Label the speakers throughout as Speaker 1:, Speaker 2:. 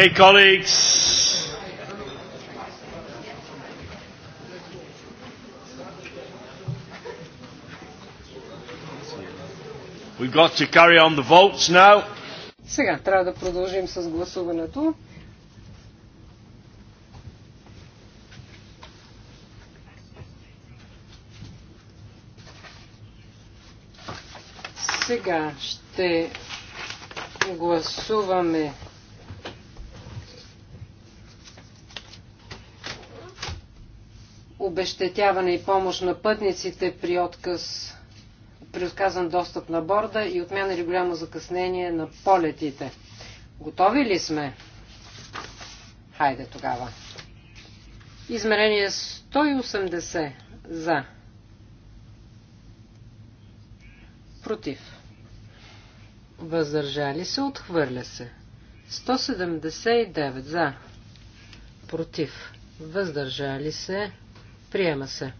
Speaker 1: Okay, colleagues. We've got to carry on the votes now. Сега
Speaker 2: трябва да продължим с гласуването. Сега ще гласуваме обещетяване и помощ на пътниците при отказ при отказан достъп на борда и отмяна или голямо закъснение на полетите. Готови ли сме? Хайде тогава. Измерение 180 за. Против. Въздържали се, отхвърля се. 179 за. Против. Въздържали се, Приема се.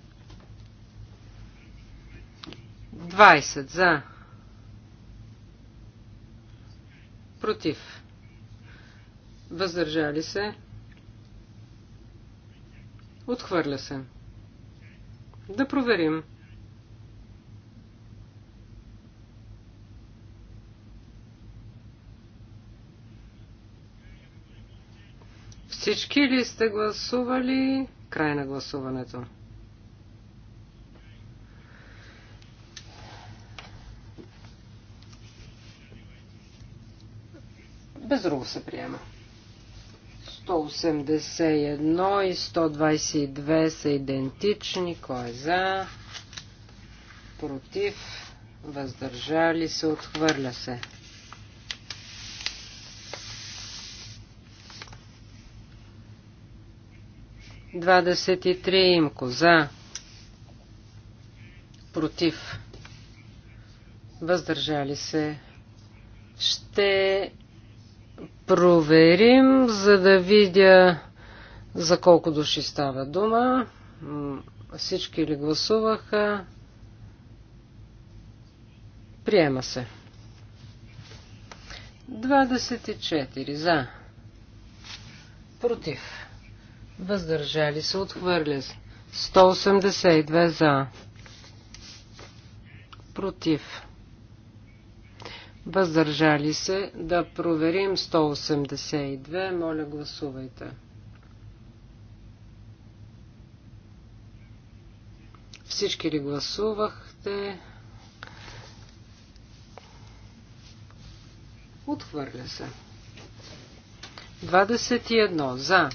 Speaker 2: 20 за. Против. Въздържали се. Отхвърля се. Да проверим. Всички ли сте гласували? Край на гласуването. Без друго се приема. 181 и 122 са идентични. Кой е за? Против? Въздържали се? Отхвърля се. 23 имко коза, Против. Въздържали се. Ще проверим, за да видя за колко души става дума. Всички ли гласуваха? Приема се. 24 за. Против. Въздържали се. Отхвърля се. 182 за. Против. Въздържали се. Да проверим 182. Моля, гласувайте. Всички ли гласувахте? Отхвърля се. 21 за.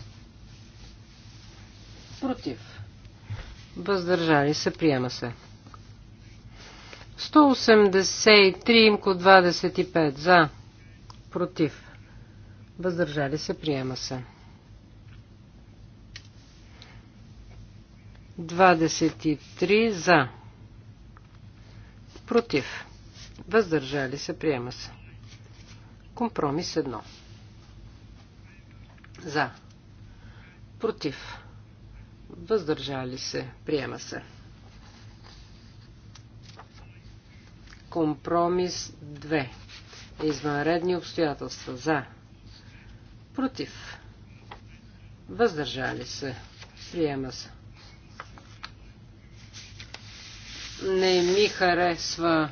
Speaker 2: Против. Въздържали се. Приема се. 183 имко 25. За. Против. Въздържали се. Приема се. 23 за. Против. Въздържали се. Приема се. Компромис 1. За. Против въздържали се, приема се. Компромис 2. Извънредни обстоятелства за. Против. Въздържали се. Приема се. Не ми харесва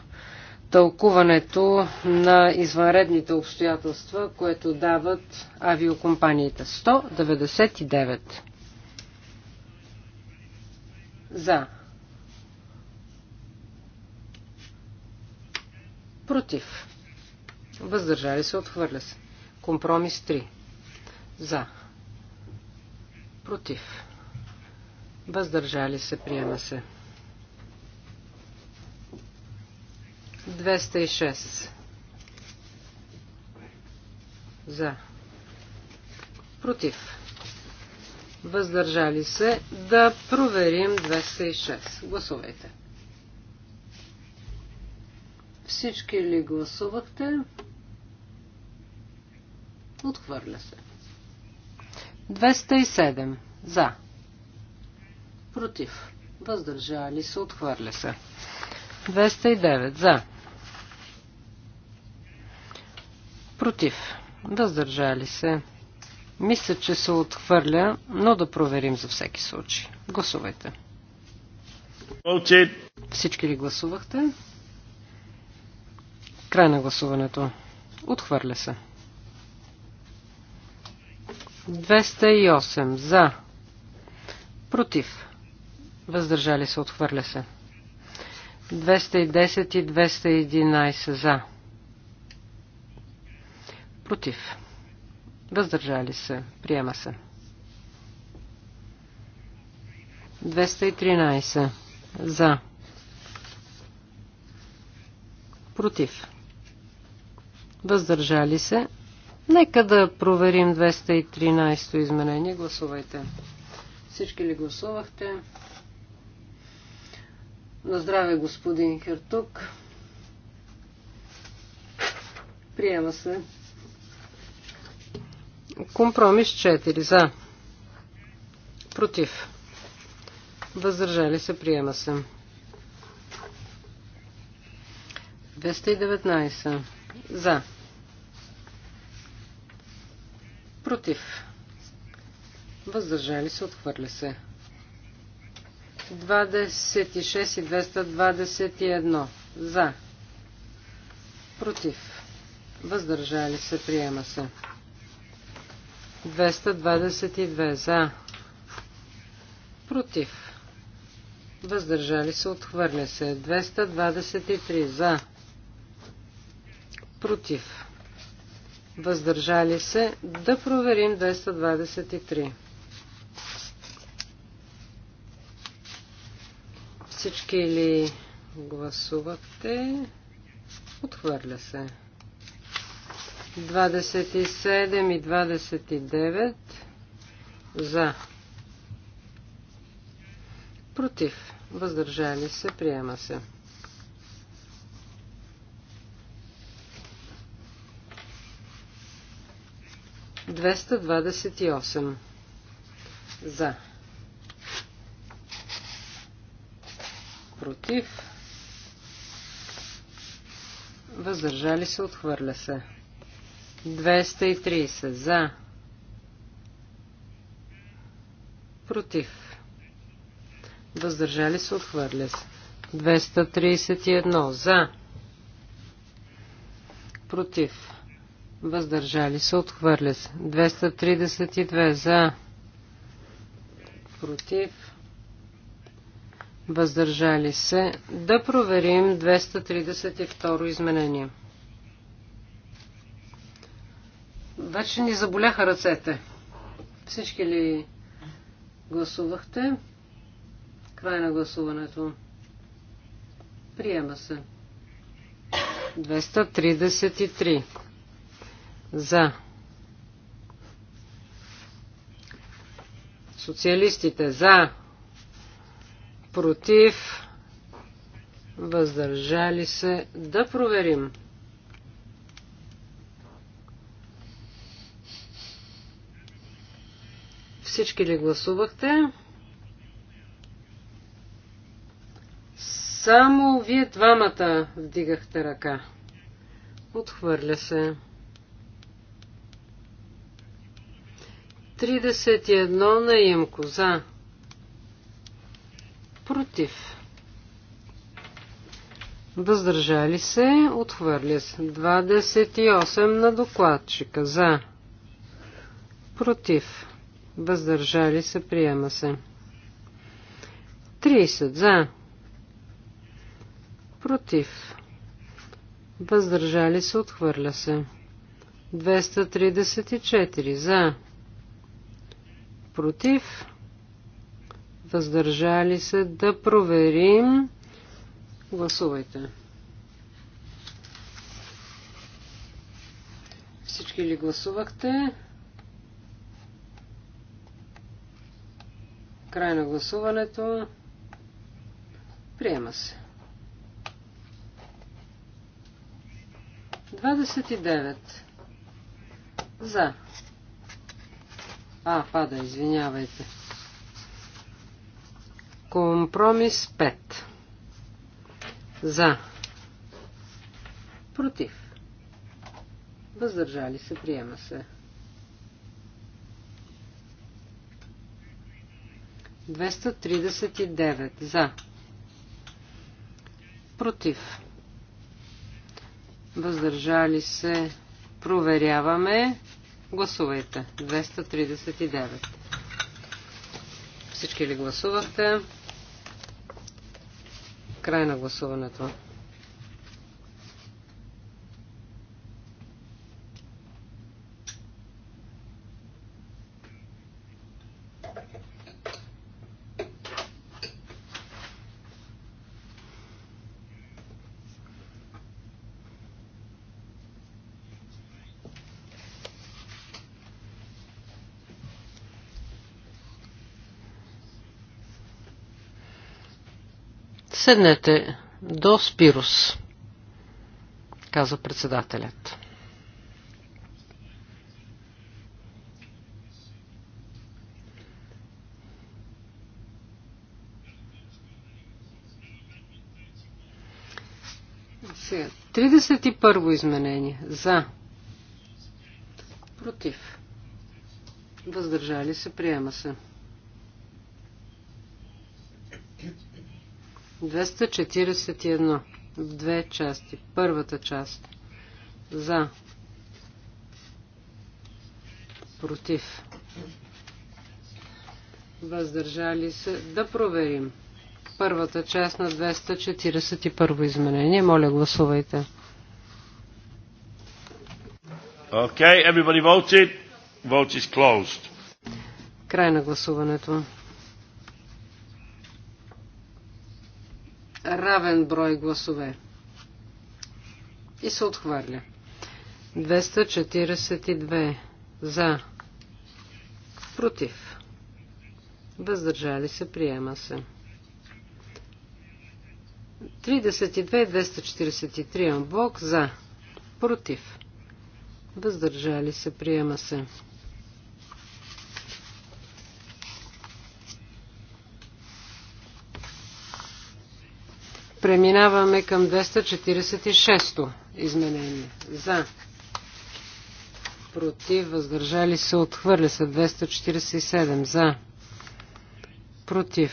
Speaker 2: тълкуването на извънредните обстоятелства, което дават авиокомпаниите. 199. За. Против. Въздържали се, отхвърля се. Компромис 3. За. Против. Въздържали се, приема се. 206. За. Против въздържали се, да проверим 206. Гласувайте. Всички ли гласувахте? Отхвърля се. 207. За. Против. Въздържали се. Отхвърля се. 209. За. Против. Въздържали се. Мисля, че се отхвърля, но да проверим за всеки случай. Гласувайте. Всички ли гласувахте? Край на гласуването. Отхвърля се. 208 за. Против. Въздържали се. Отхвърля се. 210 и 211 за. Против. Въздържали се. Приема се. 213. За. Против. Въздържали се. Нека да проверим 213-то изменение. Гласувайте. Всички ли гласувахте? На здраве, господин Хертук. Приема се. Компромис 4 за. Против. Въздържали се, приема се. 219 за. Против. Въздържали се, отхвърля се. 26 и 221 за. Против. Въздържали се, приема се. 222 за. Против. Въздържали се. Отхвърля се. 223 за. Против. Въздържали се. Да проверим 223. Всички ли гласувате? Отхвърля се. 27 и 29 за. Против. Въздържали се. Приема се. Двеста двадесет и осем. За. Против. Въздържали се. Отхвърля се. 230 за. Против. Въздържали се отхвърля се. 231 за. Против. Въздържали се отхвърля се. 232 за. Против. Въздържали се. Да проверим 232 изменение. 232. Вече ни заболяха ръцете. Всички ли гласувахте? Край на гласуването. Приема се. 233. За. Социалистите за. Против. Въздържали се. Да проверим. Всички ли гласувахте? Само вие двамата вдигахте ръка. Отхвърля се. 31 на Имко. За. Против. Въздържали се. Отхвърля се. 28 на докладчика. За. Против въздържали се, приема се. 30 за, против, въздържали се, отхвърля се. 234 за, против, въздържали се, да проверим. Гласувайте. Всички ли гласувахте? Край на гласуването. Приема се. 29. За. А, пада, извинявайте. Компромис 5. За. Против. Въздържали се, приема се. 239 за. Против. Въздържали се. Проверяваме. Гласувайте. 239. Всички ли гласувахте? Край на гласуването. Седнете до Спирус, каза председателят. и първо изменение. За. Против. Въздържали се. Приема се. 241 в две части. Първата част за против въздържали се да проверим първата част на 241 изменение. Моля, гласувайте.
Speaker 1: Okay, everybody voted. Vote is closed.
Speaker 2: Край на гласуването. равен брой гласове. И се отхвърля. 242 за. Против. Въздържали се. Приема се. 32-243 блок за. Против. Въздържали се. Приема се. Преминаваме към 246-то изменение. За. Против. Въздържали се. Отхвърля се. 247. За. Против.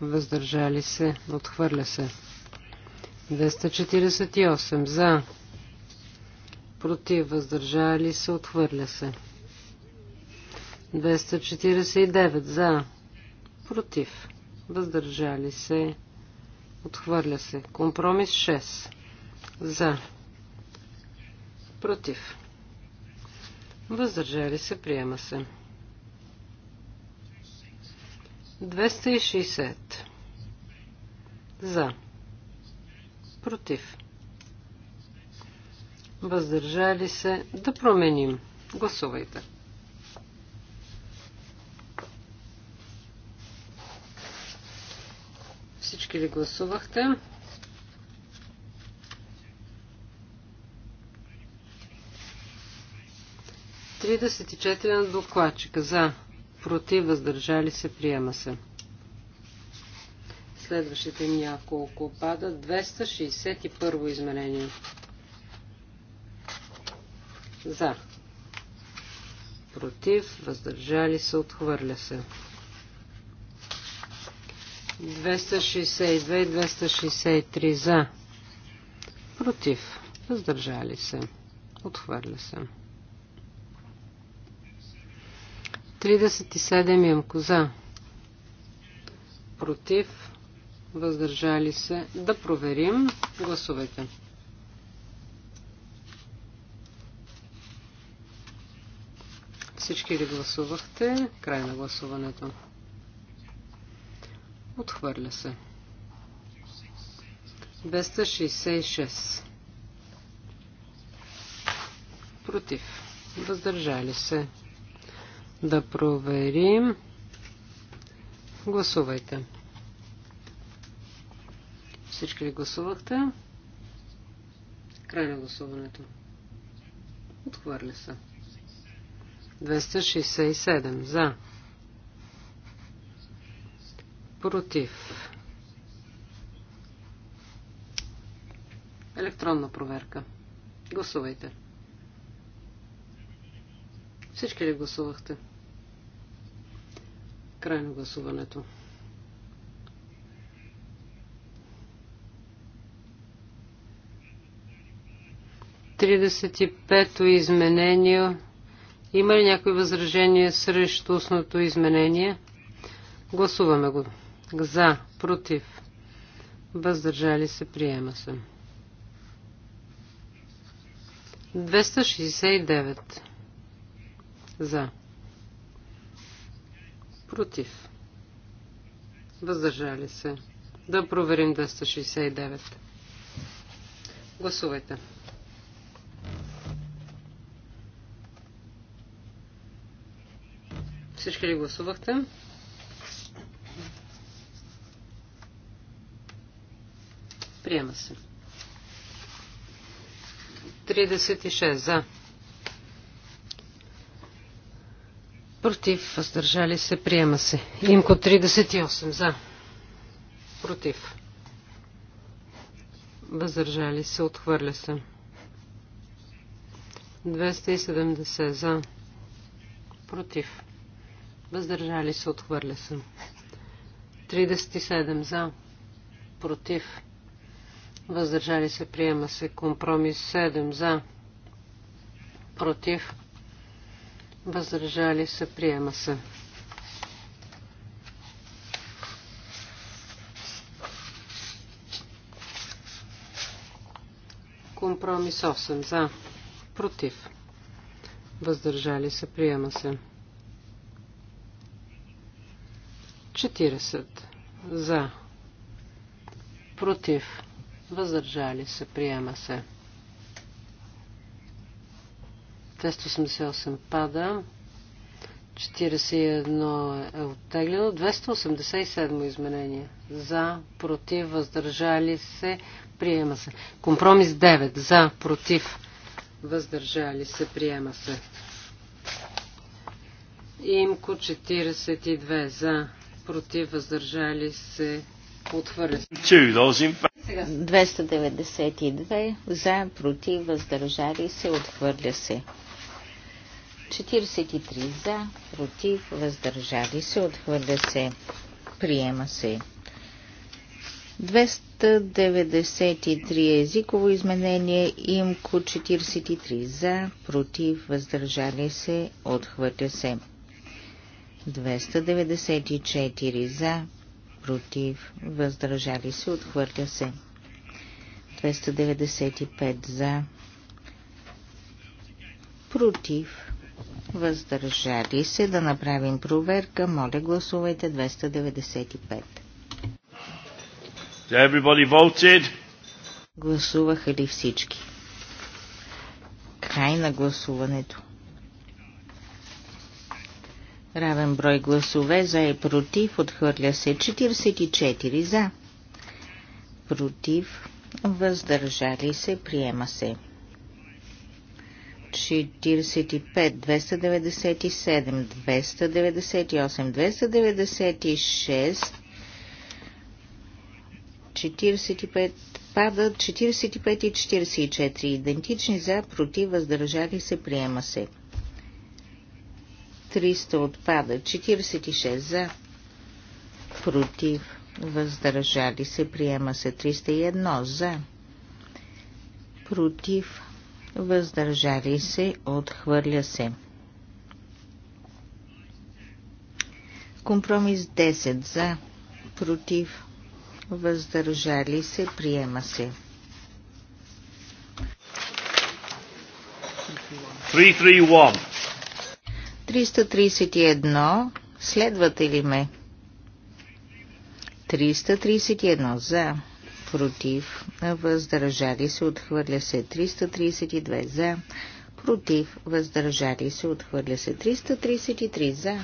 Speaker 2: Въздържали се. Отхвърля се. 248. За. Против. Въздържали се. Отхвърля се. 249. За. Против. Въздържали се. Отхвърля се. Компромис 6. За. Против. Въздържали се. Приема се. 260. За. Против. Въздържали се. Да променим. Гласувайте. Всички ли гласувахте? Тридесет и четири на докладчика. За. Против. Въздържали се. Приема се. Следващите няколко пада. 261 изменение. За. Против. Въздържали се. Отхвърля се. 262 и 263 за. Против. Въздържали се. Отхвърля се. 37 ямко за. Против. Въздържали се. Да проверим. Гласовете. Всички ли гласувахте? Край на гласуването. Отхвърля се. 266. Против. Въздържали се. Да проверим. Гласувайте. Всички ли гласувахте? Край на гласуването. Отхвърля се. 267. За. Против. Електронна проверка. Гласувайте. Всички ли гласувахте? Край на гласуването. Тридесет и пето изменение. Има ли някои възражение срещу устното изменение? Гласуваме го. За. Против. Въздържали се. Приема се. 269. За. Против. Въздържали се. Да проверим 269. Гласувайте. Всички ли гласувахте? Приема се. 36 за. Против. Въздържали се. Приема се. Имко 38 за. Против. Въздържали се. Отхвърля се. 270 за. Против. Въздържали се. Отхвърля се. 37 за. Против Въздържали се приема се компромис 7 за. Против. Въздържали се приема се. Компромис 8 за. Против. Въздържали се приема се. 40 за. Против въздържали се, приема се. 288 пада. 41 е оттеглено. 287 изменение. За, против, въздържали се, приема се.
Speaker 1: Компромис 9.
Speaker 2: За, против, въздържали се, приема се. Имко 42. За, против, въздържали се,
Speaker 3: отхвърля. 292 за, против, въздържали се, отхвърля се. 43 за, против, въздържали се, отхвърля се, приема се. 293 езиково изменение, имко 43 за, против, въздържали се, отхвърля се. 294 за, против, въздържали се, отхвърля се. 295 за, против, въздържали се. Да направим проверка. Моля, гласувайте 295.
Speaker 1: Everybody voted. Гласуваха ли всички? Край
Speaker 3: на гласуването. Равен брой гласове за и против. Отхвърля се 44 за. Против. Въздържали се. Приема се. 45, 297, 298, 296, 45, падат 45 и 44. Идентични за, против, въздържали се, приема се. 300 отпада. 46 за. Против. Въздържали се. Приема се 301 за. Против. Въздържали се. Отхвърля се. Компромис 10 за. Против. Въздържали се. Приема се.
Speaker 1: 331.
Speaker 3: 331. Следвате ли ме? 331 за. Против. Въздържали се. Отхвърля се. 332 за. Против. Въздържали се. Отхвърля се. 333 за.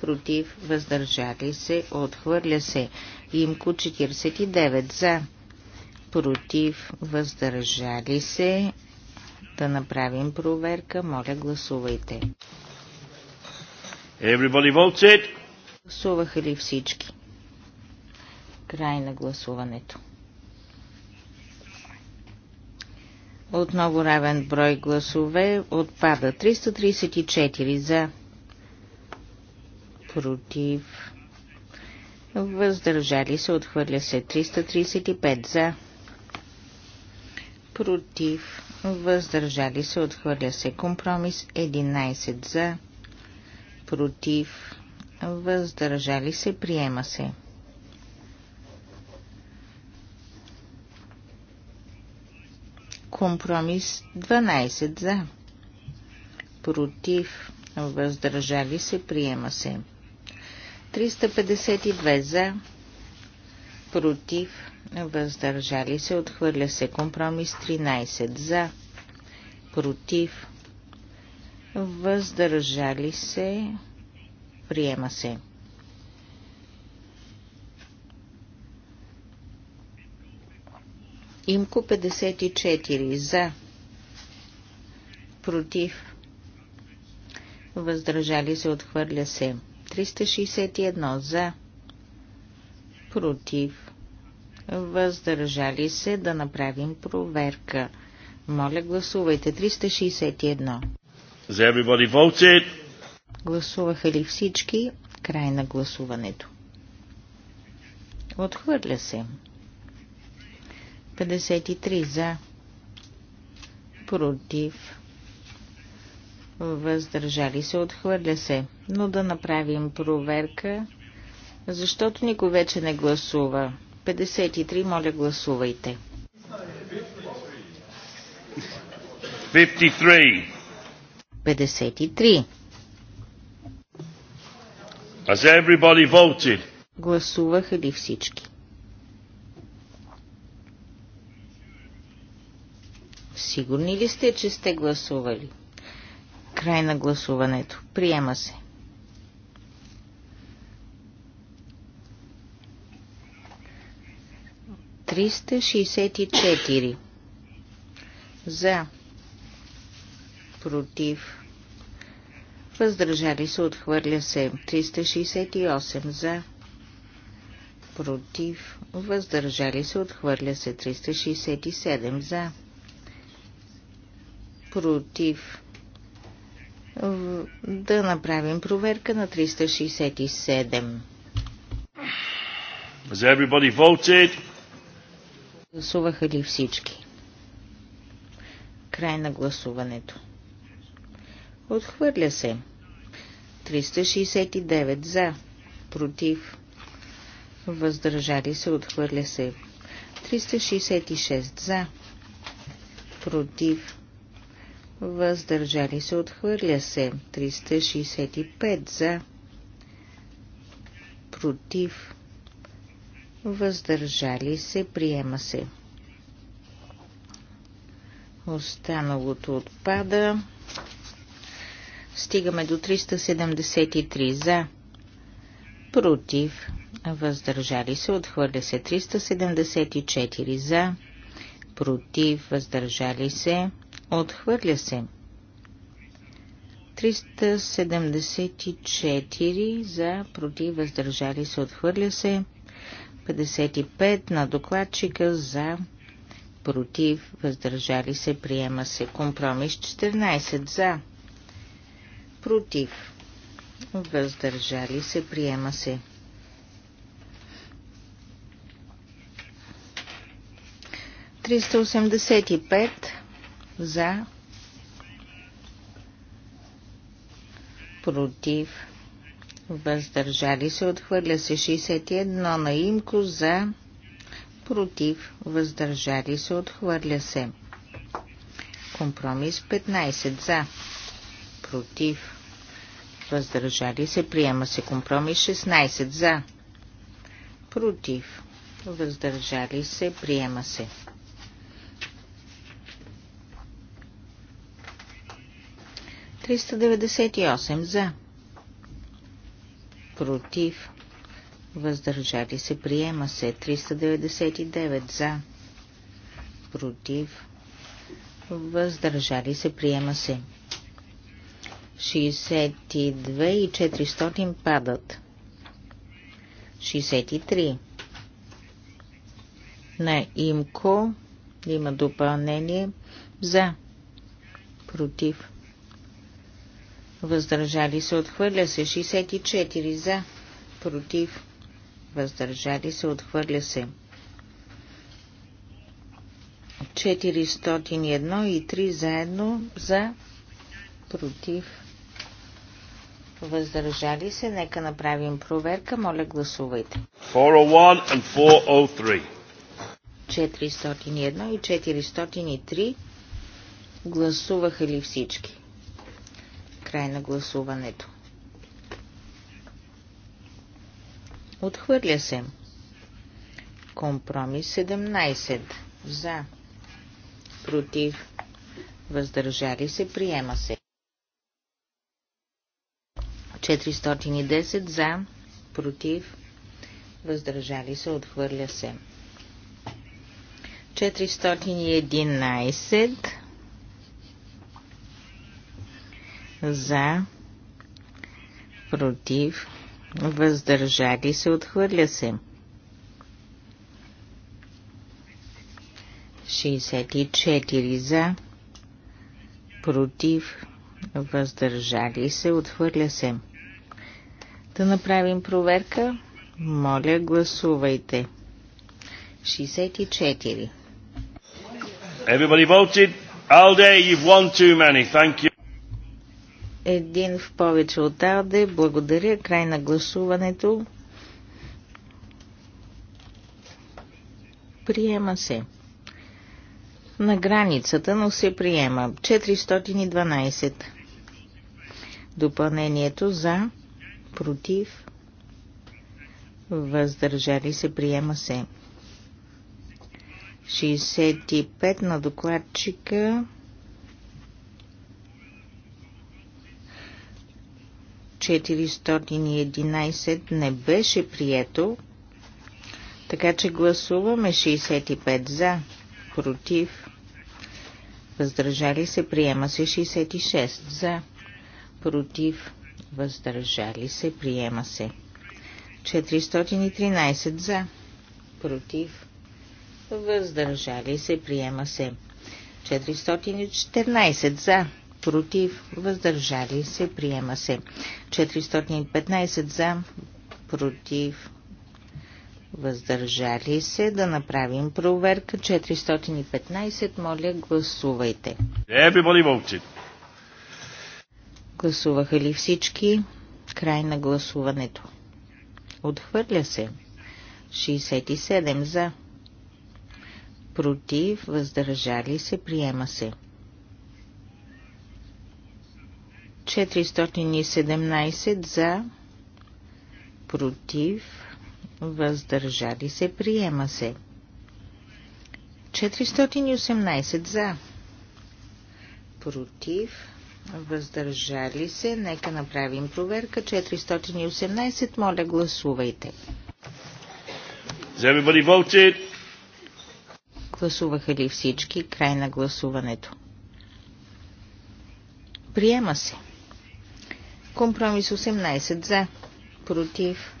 Speaker 3: Против. Въздържали се. Отхвърля се. Имко 49 за. Против. Въздържали се. Да направим проверка. Моля, гласувайте.
Speaker 1: Everybody it.
Speaker 3: Гласуваха ли всички? Край на гласуването. Отново равен брой гласове отпада. 334 за, против, въздържали се, отхвърля се. 335 за, против, въздържали се, отхвърля се. Компромис 11 за, против, въздържали се, приема се. Компромис 12 за, против, въздържали се, приема се. 352 за, против, въздържали се, отхвърля се компромис 13 за, против, въздържали се, приема се. Имко 54 за, против, въздържали се, отхвърля се. 361 за, против, въздържали се да направим проверка. Моля, гласувайте 361. Гласуваха ли всички? Край на гласуването. Отхвърля се. 53 за. Против. Въздържали се. Отхвърля се. Но да направим проверка, защото никой вече не гласува. 53, моля гласувайте.
Speaker 1: 53. 53. Has everybody voted?
Speaker 3: Гласуваха ли всички? Сигурни ли сте, че сте гласували? Край на гласуването. Приема се. Триста шестдесет и четири. За против, въздържали се, отхвърля се. 368 за, против, въздържали се, отхвърля се. 367 за, против. Да направим проверка на 367.
Speaker 1: Has everybody voted?
Speaker 3: Гласуваха ли всички? Край на гласуването. Отхвърля се. 369 за. Против. Въздържали се. Отхвърля се. 366 за. Против. Въздържали се. Отхвърля се. 365 за. Против. Въздържали се. Приема се. Останалото отпада. Стигаме до 373 за. Против. Въздържали се. Отхвърля се 374 за. Против. Въздържали се. Отхвърля се. 374 за. Против. Въздържали се. Отхвърля се. 55 на докладчика за против, въздържали се, приема се. Компромис 14 за, против, въздържали се, приема се. Триста за, против, въздържали се, отхвърля се 61 на имко за, против, въздържали се, отхвърля се. Компромис 15 за против, въздържали се, приема се компромис 16 за, против, въздържали се, приема се. Триста за, против, въздържали се, приема се. 399 за, против, въздържали се, приема се. 62 и 400 падат. 63. На имко има допълнение за, против. Въздържали се отхвърля се 64 за, против. Въздържали се отхвърля се. 401 и 3 заедно за, против въздържали се. Нека направим проверка. Моля, гласувайте.
Speaker 1: 401 and 403.
Speaker 3: 401 и 403. Гласуваха ли всички? Край на гласуването. Отхвърля се. Компромис 17. За. Против. Въздържали се. Приема се. 410 за, против, въздържали се, отхвърля се. 411 за, против, въздържали се, отхвърля се. 64 за, против, въздържали се, отхвърля се. 65 да направим проверка. Моля, гласувайте. 64.
Speaker 1: Everybody voted. Alde, you've won too many. Thank you.
Speaker 3: Един в повече от Алде. Благодаря. Край на гласуването. Приема се. На границата, но се приема. 412. Допълнението за против, въздържали се, приема се. 65 на докладчика. 411 не беше прието, така че гласуваме 65 за, против, въздържали се, приема се 66 за, против, въздържали се, приема се. 413 за, против, въздържали се, приема се. 414 за, против, въздържали се, приема се. 415 за, против, въздържали се, да направим проверка. 415, моля, гласувайте.
Speaker 1: Everybody voted.
Speaker 3: Гласуваха ли всички? Край на гласуването. Отхвърля се. 67 за. Против, въздържали се, приема се. 417 за. Против, въздържали се, приема се. 418 за. Против, въздържали се. Нека направим проверка. 418, моля гласувайте. Гласуваха ли всички? Край на гласуването. Приема се. Компромис 18 за. Против.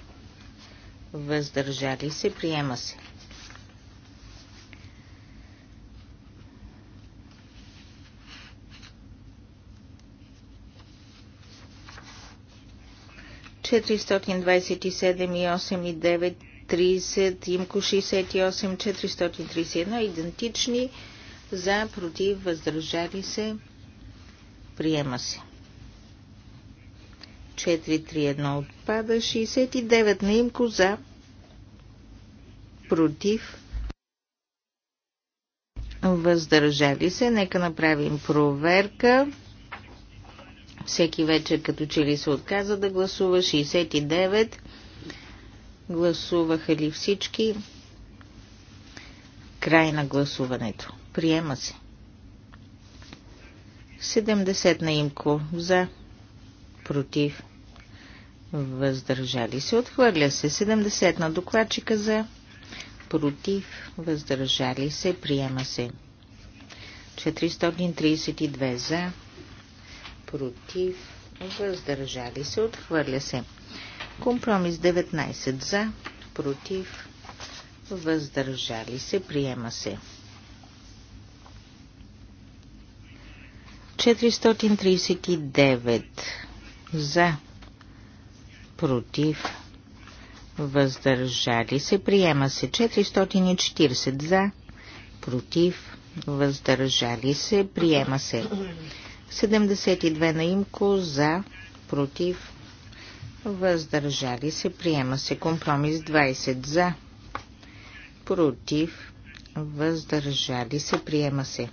Speaker 3: Въздържали се. Приема се. 427 и 8 и 9, 30, имко 68, 431 идентични за, против, въздържали се, приема се. 431 отпада, 69 на имко за, против, въздържали се. Нека направим проверка. Всеки вече като че ли се отказа да гласува. 69. Гласуваха ли всички? Край на гласуването. Приема се. 70 на имко за, против, въздържали се. Отхвърля се 70 на докладчика за, против, въздържали се. Приема се. 432 за, против, въздържали се, отхвърля се. Компромис 19 за, против, въздържали се, приема се. 439 за, против, въздържали се, приема се. 440 за, против, въздържали се, приема се. 72 на имко за, против, въздържали се, приема се компромис 20 за, против, въздържали се, приема се.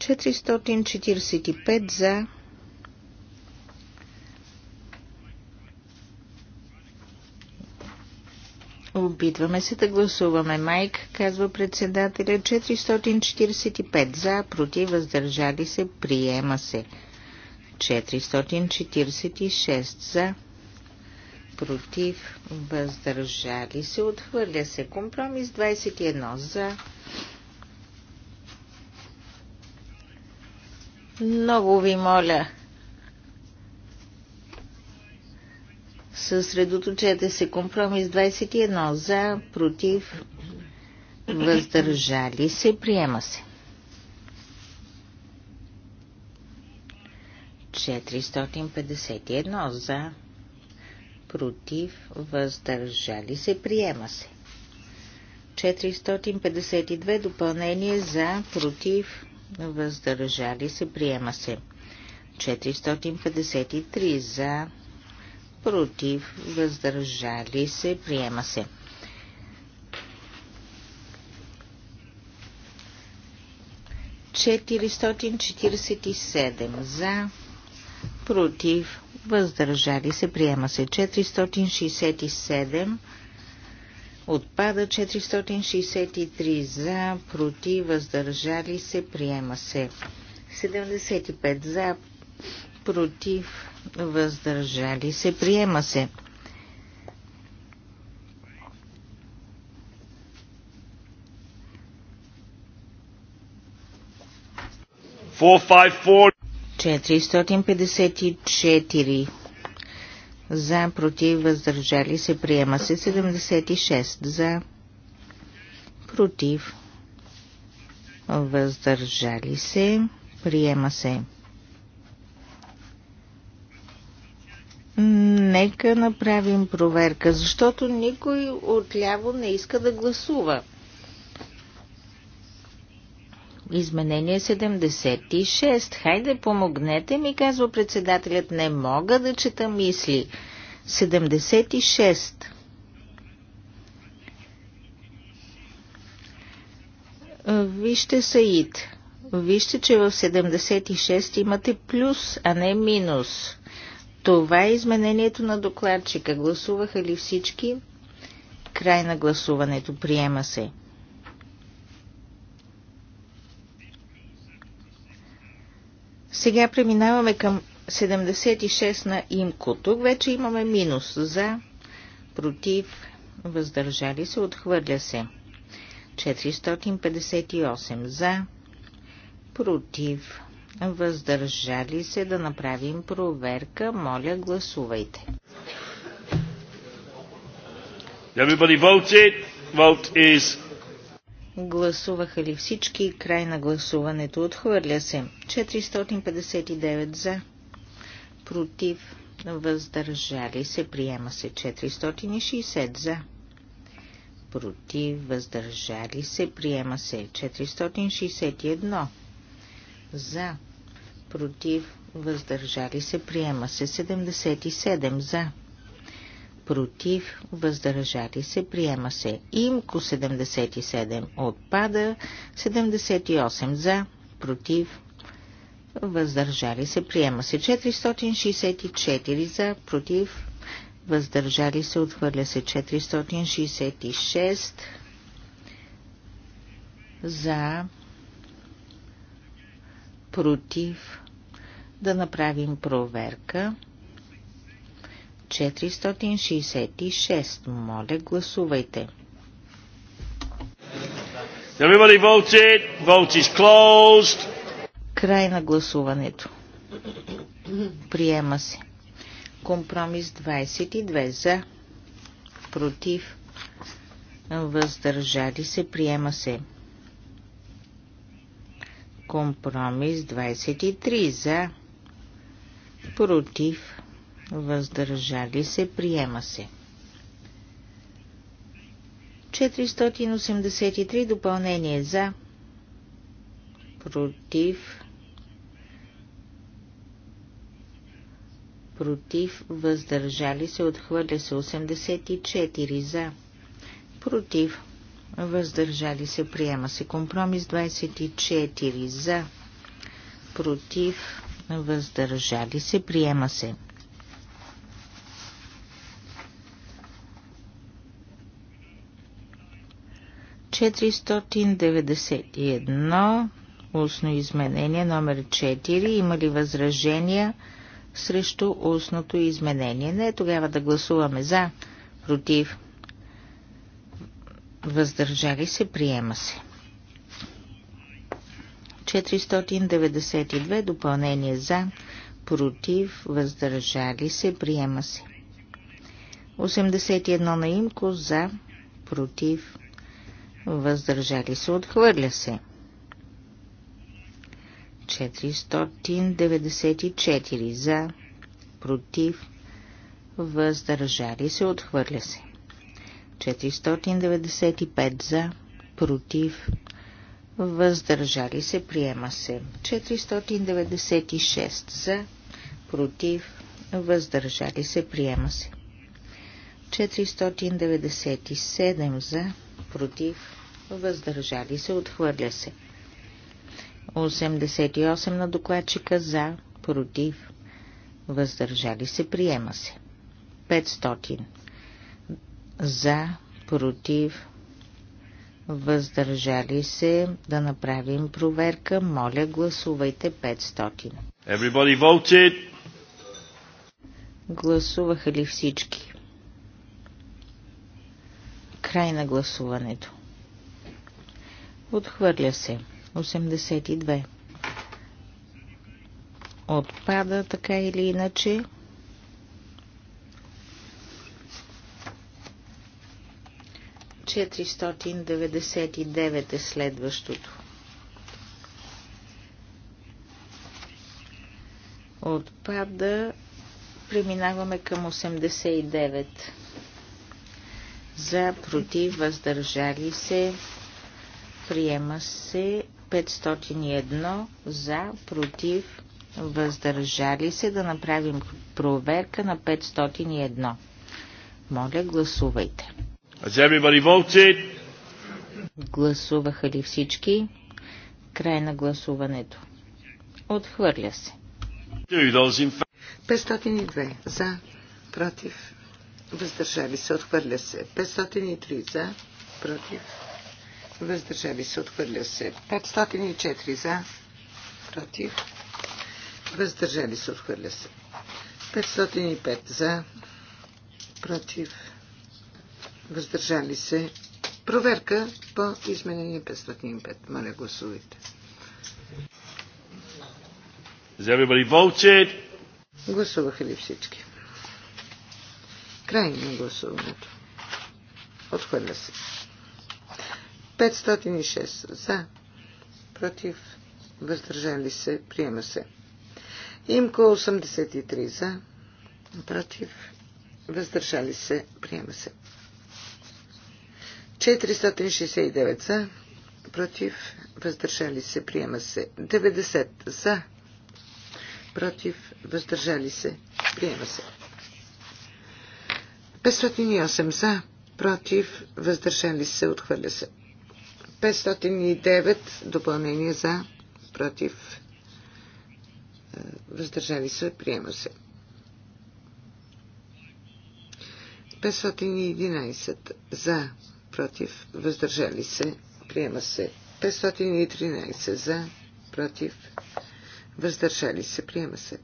Speaker 3: 445 за, Опитваме се да гласуваме. Майк, казва председателя, 445 за, против, въздържали се, приема се. 446 за, против, въздържали се, отхвърля се. Компромис 21 за. Много ви моля, Съсредоточете се компромис 21 за, против, въздържали се, приема се. 451 за, против, въздържали се, приема се. 452 допълнение за, против, въздържали се, приема се. 453 за, против, въздържали се, приема се. Четиристотин за, против, въздържали се, приема се. 467 отпада, 463 за, против, въздържали се, приема се. 75 за, против, въздържали се, приема се.
Speaker 1: Four,
Speaker 3: 454 за, против, въздържали се, приема се 76 за, против, въздържали се, приема се. Нека направим проверка, защото никой отляво не иска да гласува. Изменение 76. Хайде, помогнете ми, казва председателят. Не мога да чета мисли. 76. Вижте, Саид. Вижте, че в 76 имате плюс, а не минус. Това е изменението на докладчика. Гласуваха ли всички? Край на гласуването. Приема се. Сега преминаваме към 76 на имко. Тук вече имаме минус за, против, въздържали се, отхвърля се. 458 за, против, въздържали се да направим проверка. Моля, гласувайте.
Speaker 1: Everybody voted. Vote is...
Speaker 3: Гласуваха ли всички? Край на гласуването отхвърля се. 459 за. Против. Въздържали се. Приема се 460 за. Против. Въздържали се. Приема се 461 за, против, въздържали се, приема се 77 за, против, въздържали се, приема се имко 77 отпада, 78 за, против, въздържали се, приема се 464 за, против, въздържали се, отхвърля се 466 за, против, да направим проверка. 466. Моля, гласувайте.
Speaker 1: Everybody voted. Vote is closed.
Speaker 3: Край на гласуването. Приема се. Компромис 22 за. Против. Въздържали се. Приема се. Компромис 23 за, против, въздържали се, приема се. 483 допълнение за, против, против, въздържали се, отхвърля се 84 за, против, въздържали се, приема се. Компромис 24 за, против, въздържали се, приема се. Четиристотин устно изменение номер 4. Има ли възражения срещу устното изменение? Не, тогава да гласуваме за, против, въздържали се, приема се. 492 допълнение за, против, въздържали се, приема се. 81 на имко за, против, въздържали се, отхвърля се. 494 за, против, въздържали се, отхвърля се. 495 за, против, въздържали се, приема се. 496 за, против, въздържали се, приема се. 497 за, против, въздържали се, отхвърля се. 88 на докладчика за, против, въздържали се, приема се. 500 за, против, въздържали се, да направим проверка. Моля, гласувайте 500.
Speaker 1: Everybody voted.
Speaker 3: Гласуваха ли всички? Край на гласуването. Отхвърля се. 82. Отпада така или иначе. 499 е следващото. Отпада. Преминаваме към 89. За, против, въздържали се. Приема се 501 за, против, въздържали се да направим проверка на 501.
Speaker 1: Моля, гласувайте.
Speaker 3: Гласуваха ли всички? Край на гласуването.
Speaker 1: Отхвърля се.
Speaker 3: 502 за, против,
Speaker 1: въздържали
Speaker 4: се, отхвърля се. 503 за, против, въздържали се, отхвърля се. 504 за, против, въздържали се, отхвърля се. 505 за, против, въздържали се. Проверка по изменение 505. Моля,
Speaker 1: гласувайте. Гласуваха ли всички? Край на гласуването.
Speaker 4: Отхвърля се. 506 за, против, въздържали се, приема се. Имко 83 за, против, въздържали се, приема се. 469 за, против, въздържали се, приема се. 90 за, против, въздържали се, приема се. 508 за, против, въздържали се, отхвърля се. 509 допълнение за, против, въздържали се, приема се. 511 за, против, въздържали се, приема се. 513 за, против, въздържали се, приема се.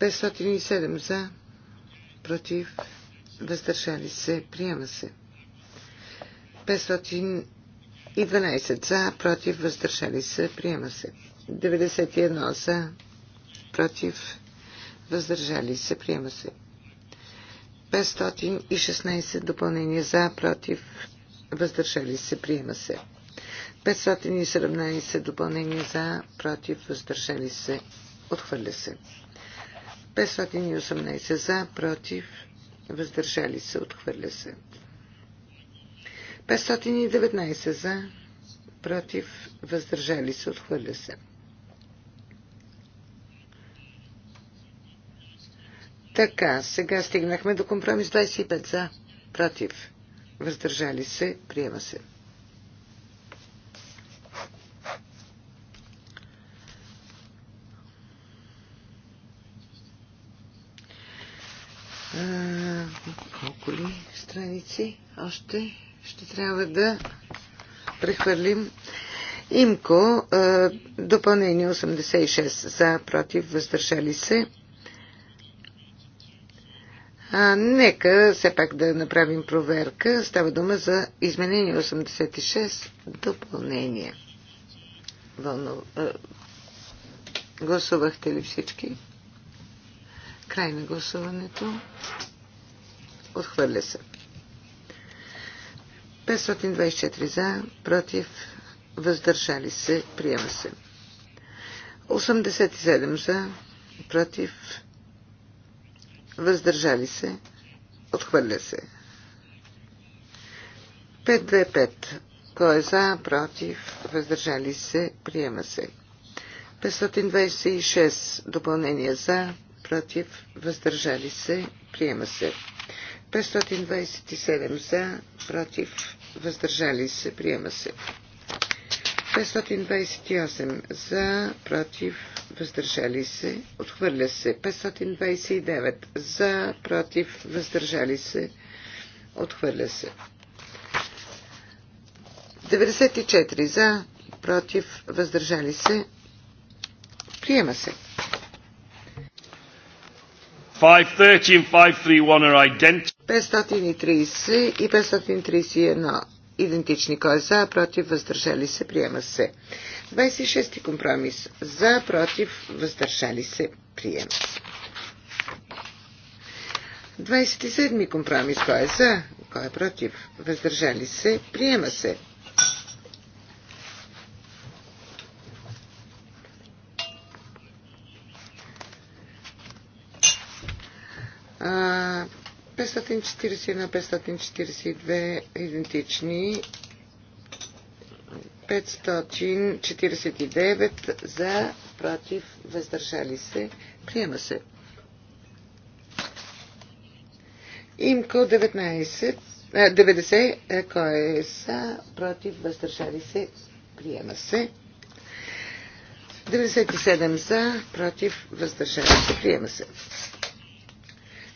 Speaker 4: 507 за, против, въздържали се, приема се. 512 за, против, въздържали се, приема се. 91 за, против, въздържали се, приема се. 516 допълнение за, против, въздържали се, приема се. 517 допълнение за, против, въздържали се, отхвърля се. 518 за, против, въздържали се, отхвърля се. 519 за, против, въздържали се, отхвърля се. Така, сега стигнахме до компромис 25 за, против, въздържали се, приема се. А, колко ли страници още ще трябва да прехвърлим? Имко, допълнение 86 за, против, въздържали се. А, нека все пак да направим проверка. Става дума за изменение 86, допълнение. Вълно... Гласувахте ли всички? Край на гласуването. Отхвърля се. 524 за, против, въздържали се, приема се. 87 за, против, въздържали се, отхвърля се. 525. Кой е за, против, въздържали се, приема се. 526. Допълнение за, против, въздържали се, приема се. 527 за, против, въздържали се, приема се. 528 за, против, въздържали се, отхвърля се. 529 за, против, въздържали се, отхвърля се. 94 за, против, въздържали се, приема се.
Speaker 1: 530 и 531 are identical.
Speaker 4: 530 и 531 идентични. Кой е за, против, въздържали се, приема се. 26-ти компромис. За, против, въздържали се, приема се. 27-ми компромис. Кой е за, кой е против, въздържали се, приема се. 541, 542 идентични. 549 за, против, въздържали се. Приема се. Имко 19, 90, кой е за, против, въздържали се. Приема се. 97 за, против, въздържали се. Приема се.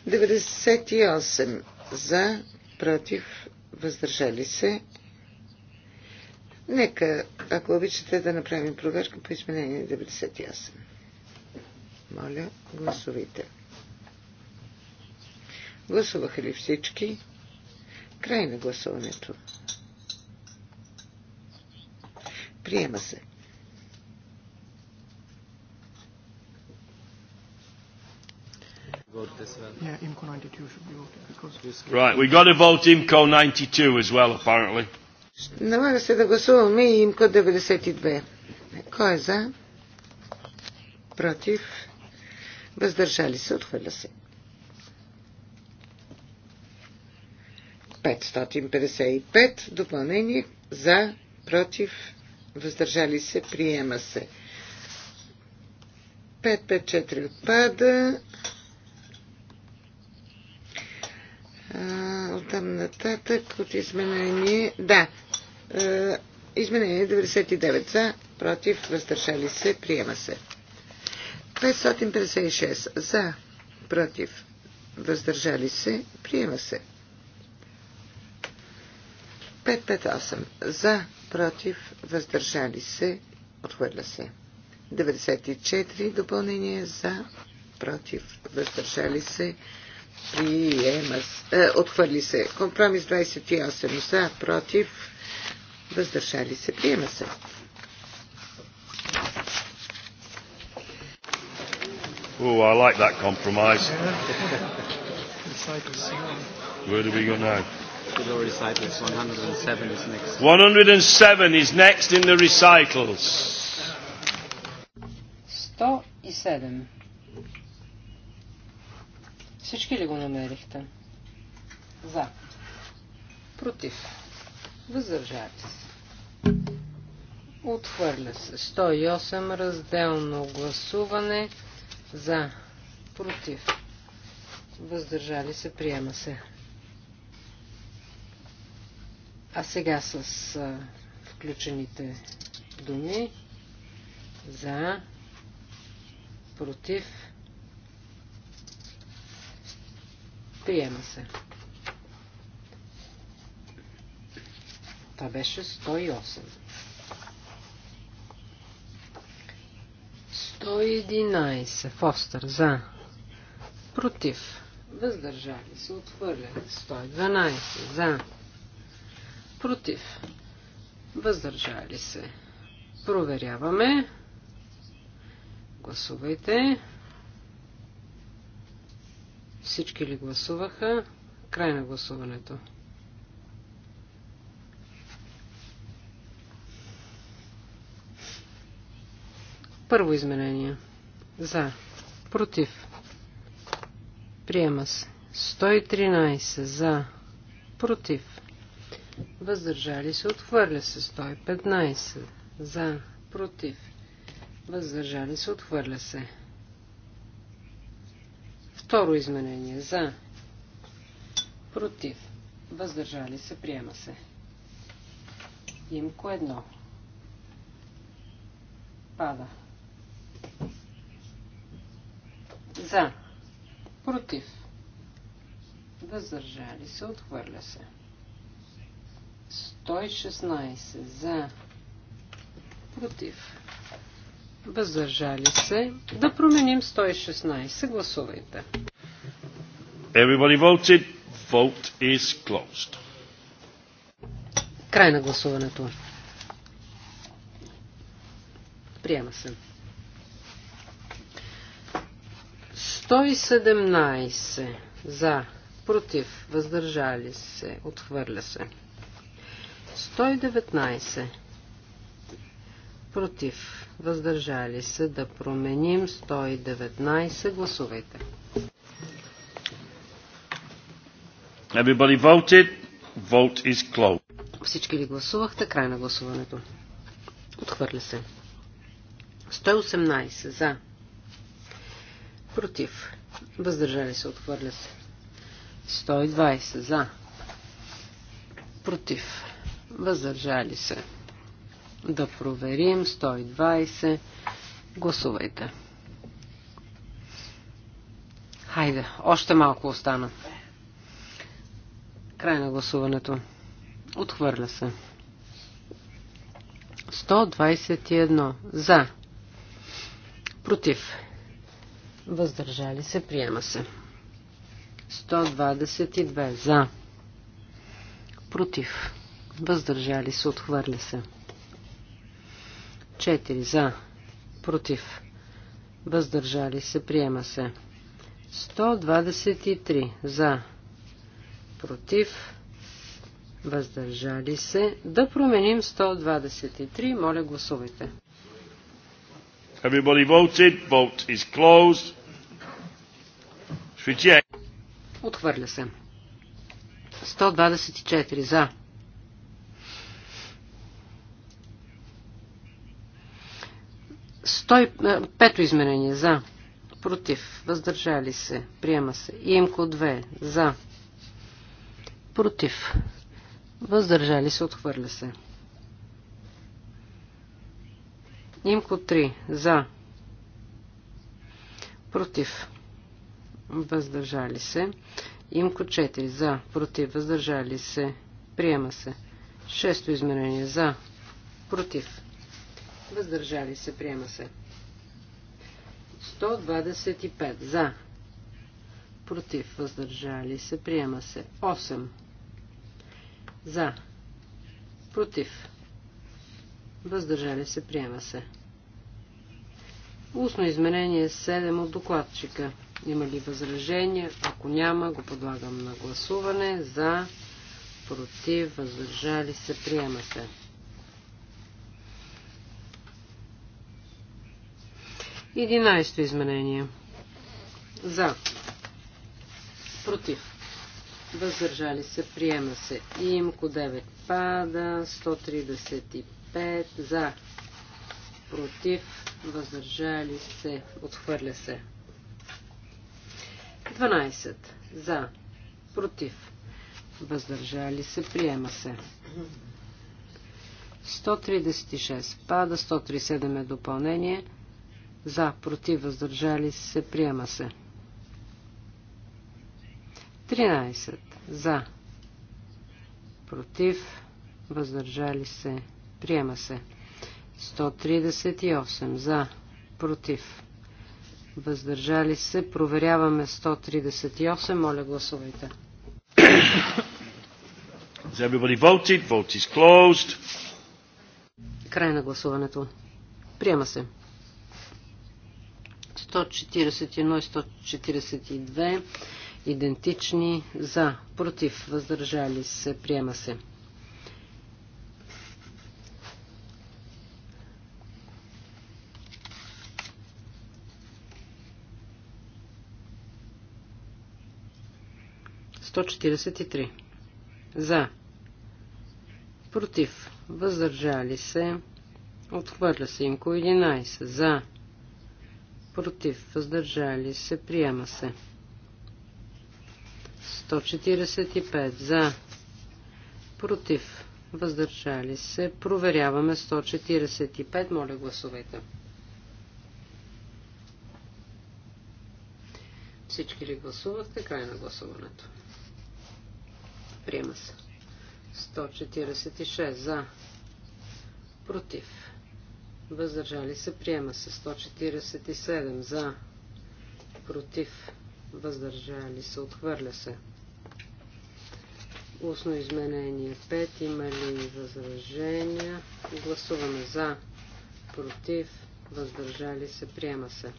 Speaker 4: 98 за, против, въздържали се. Нека, ако обичате, да направим проверка по изменение 98. Моля, гласувайте. Гласуваха ли всички? Край на гласуването. Приема се.
Speaker 2: Yeah, IMCO 92 should be voted because... Right,
Speaker 1: we got to vote IMCO 92 as well, apparently.
Speaker 4: Налага се да гласуваме и имко 92. Кой е за? Против? Въздържали се? Отхвърля се. 555. Допълнение. За? Против? Въздържали се? Приема се. 554 отпада. От там нататък от изменение. Да. Изменение 99 за, против, въздържали се, приема се. 556 за, против, въздържали се, приема се. 558 за, против, въздържали се, отхвърля се. 94 допълнение за, против, въздържали се, се. Приема. Е, отхвърли се. Компромис 28 за, против, въздържали се. Приема се.
Speaker 1: Oh, I like that compromise. Where do we go now?
Speaker 2: the recitals. 107 is
Speaker 1: next. 107 is next in the recitals.
Speaker 2: 107. Всички ли го намерихте? За. Против. Въздържали се. Отхвърля се. 108. Разделно гласуване. За. Против. Въздържали се. Приема се. А сега с а, включените думи. За. Против Приема се. Това беше 108. 111. Фостер за. Против. Въздържали се. Отхвърля. 112. За. Против. Въздържали се. Проверяваме. Гласувайте. Всички ли гласуваха? Край на гласуването. Първо изменение. За. Против. Приема се. 113. За. Против. Въздържали се. Отхвърля се. 115. За. Против. Въздържали се. Отхвърля се. Второ изменение. За. Против. Въздържали се. Приема се. Имко едно. Пада. За. Против. Въздържали се. Отхвърля се. 116. За. Против въздържали се. Да променим 116. Гласувайте.
Speaker 1: Everybody voted. Vote is closed.
Speaker 2: Край на гласуването. Приема се. 117 за, против, въздържали се, отхвърля се. 119 против, въздържали се да променим 119. Гласувайте.
Speaker 1: Everybody voted. Vote is closed.
Speaker 2: Всички ли гласувахте? Край на гласуването. Отхвърля се. 118 за. Против. Въздържали се. Отхвърля се. 120 за. Против. Въздържали се. Да проверим. 120. Гласувайте. Хайде, още малко остана. Край на гласуването. Отхвърля се. 121. За. Против. Въздържали се. Приема се. 122. За. Против. Въздържали се. Отхвърля се. 4 за, против, въздържали се, приема се. 123 за, против, въздържали се. Да променим 123, моля гласувайте.
Speaker 1: Everybody voted. Vote is closed. Отхвърля се.
Speaker 2: 124 за Е, пето изменение за. Против. Въздържали се. Приема се. Имко 2. За. Против. Въздържали се. Отхвърля се. Имко 3. За. Против. Въздържали се. Имко 4. За. Против. Въздържали се. Приема се. Шесто изменение. За. Против въздържали се, приема се. 125 за, против, въздържали се, приема се. 8 за, против, въздържали се, приема се. Устно изменение 7 от докладчика. Има ли възражения? Ако няма, го подлагам на гласуване. За, против, въздържали се, приема се. 11 изменение. За. Против. Въздържали се. Приема се. Имко 9 пада. 135. За. Против. Въздържали се. Отхвърля се. 12. За. Против. Въздържали се. Приема се. 136. Пада. 137 е допълнение. За, против, въздържали се, приема се. 13. За, против, въздържали се, приема се. 138. За, против, въздържали се. Проверяваме 138. Моля, гласувайте.
Speaker 1: Has everybody voted? Vote is closed. Край
Speaker 2: на гласуването. Приема се. 141 и 142 идентични за, против, въздържали се, приема се. За. Против. Въздържали се. Отхвърля се. Имко 11. За против, въздържали се, приема се. 145 за, против, въздържали се, проверяваме 145, моля гласувайте. Всички ли гласувахте? Край на гласуването. Приема се. 146 за, против, въздържали се, приема се 147 за, против, въздържали се, отхвърля се. Устно изменение 5, има ли възражения? Гласуваме за, против, въздържали се, приема се.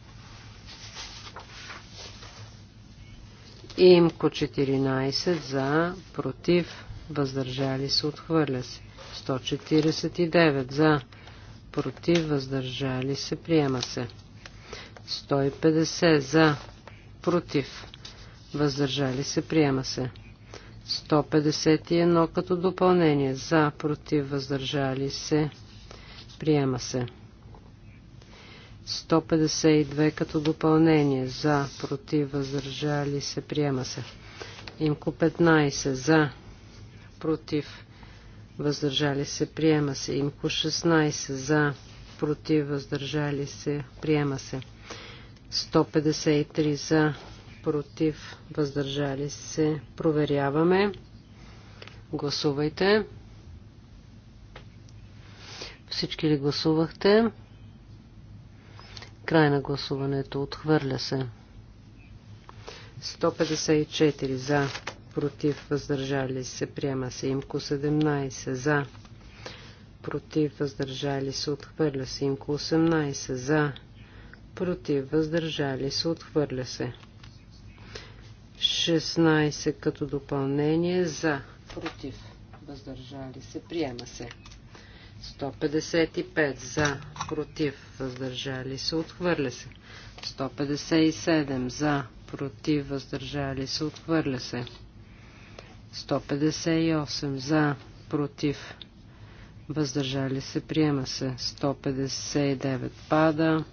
Speaker 2: Имко 14 за, против, въздържали се, отхвърля се. 149 за, против, въздържали се, приема се. 150 за, против, въздържали се, приема се. 151 като допълнение, за, против, въздържали се, приема се. 152 като допълнение, за, против, въздържали се, приема се. Имко 15 за, против, въздържали се, приема се. Имко 16 за, против, въздържали се, приема се. 153 за, против, въздържали се. Проверяваме. Гласувайте. Всички ли гласувахте? Край на гласуването. Отхвърля се. 154 за, против, въздържали се, приема се. Имко 17 за, против, въздържали се, отхвърля се. Имко 18 за, против, въздържали се, отхвърля се. 16 като допълнение за, против, въздържали се, приема се. 155 за, против, въздържали се, отхвърля се. 157 за, против, въздържали се, отхвърля се. 158 за, против, въздържали се, приема се. 159 пада.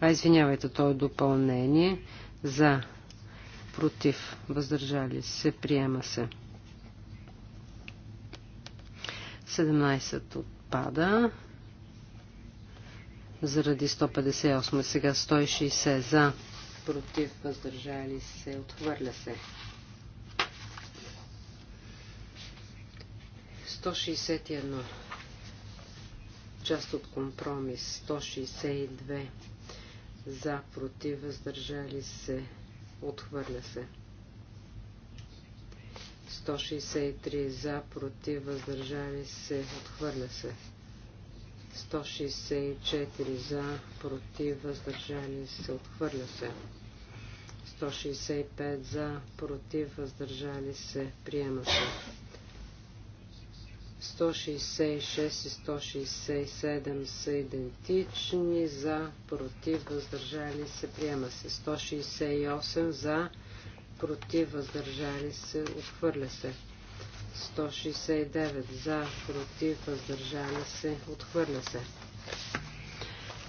Speaker 2: А, извинявайте, то е допълнение. За, против, въздържали се, приема се. 17 отпада. Заради 158, сега 160 за, против, въздържали се, отхвърля се. 161. Част от компромис. 162. За, против, въздържали се. Отхвърля се. 163. За, против, въздържали се. Отхвърля се. 164 за, против, въздържали се, отхвърля се. 165 за, против, въздържали се, приема се. 166 и 167 са идентични, за, против, въздържали се, приема се. 168 за, против, въздържали се, отхвърля се. 169 за, против, въздържали се, отхвърля се.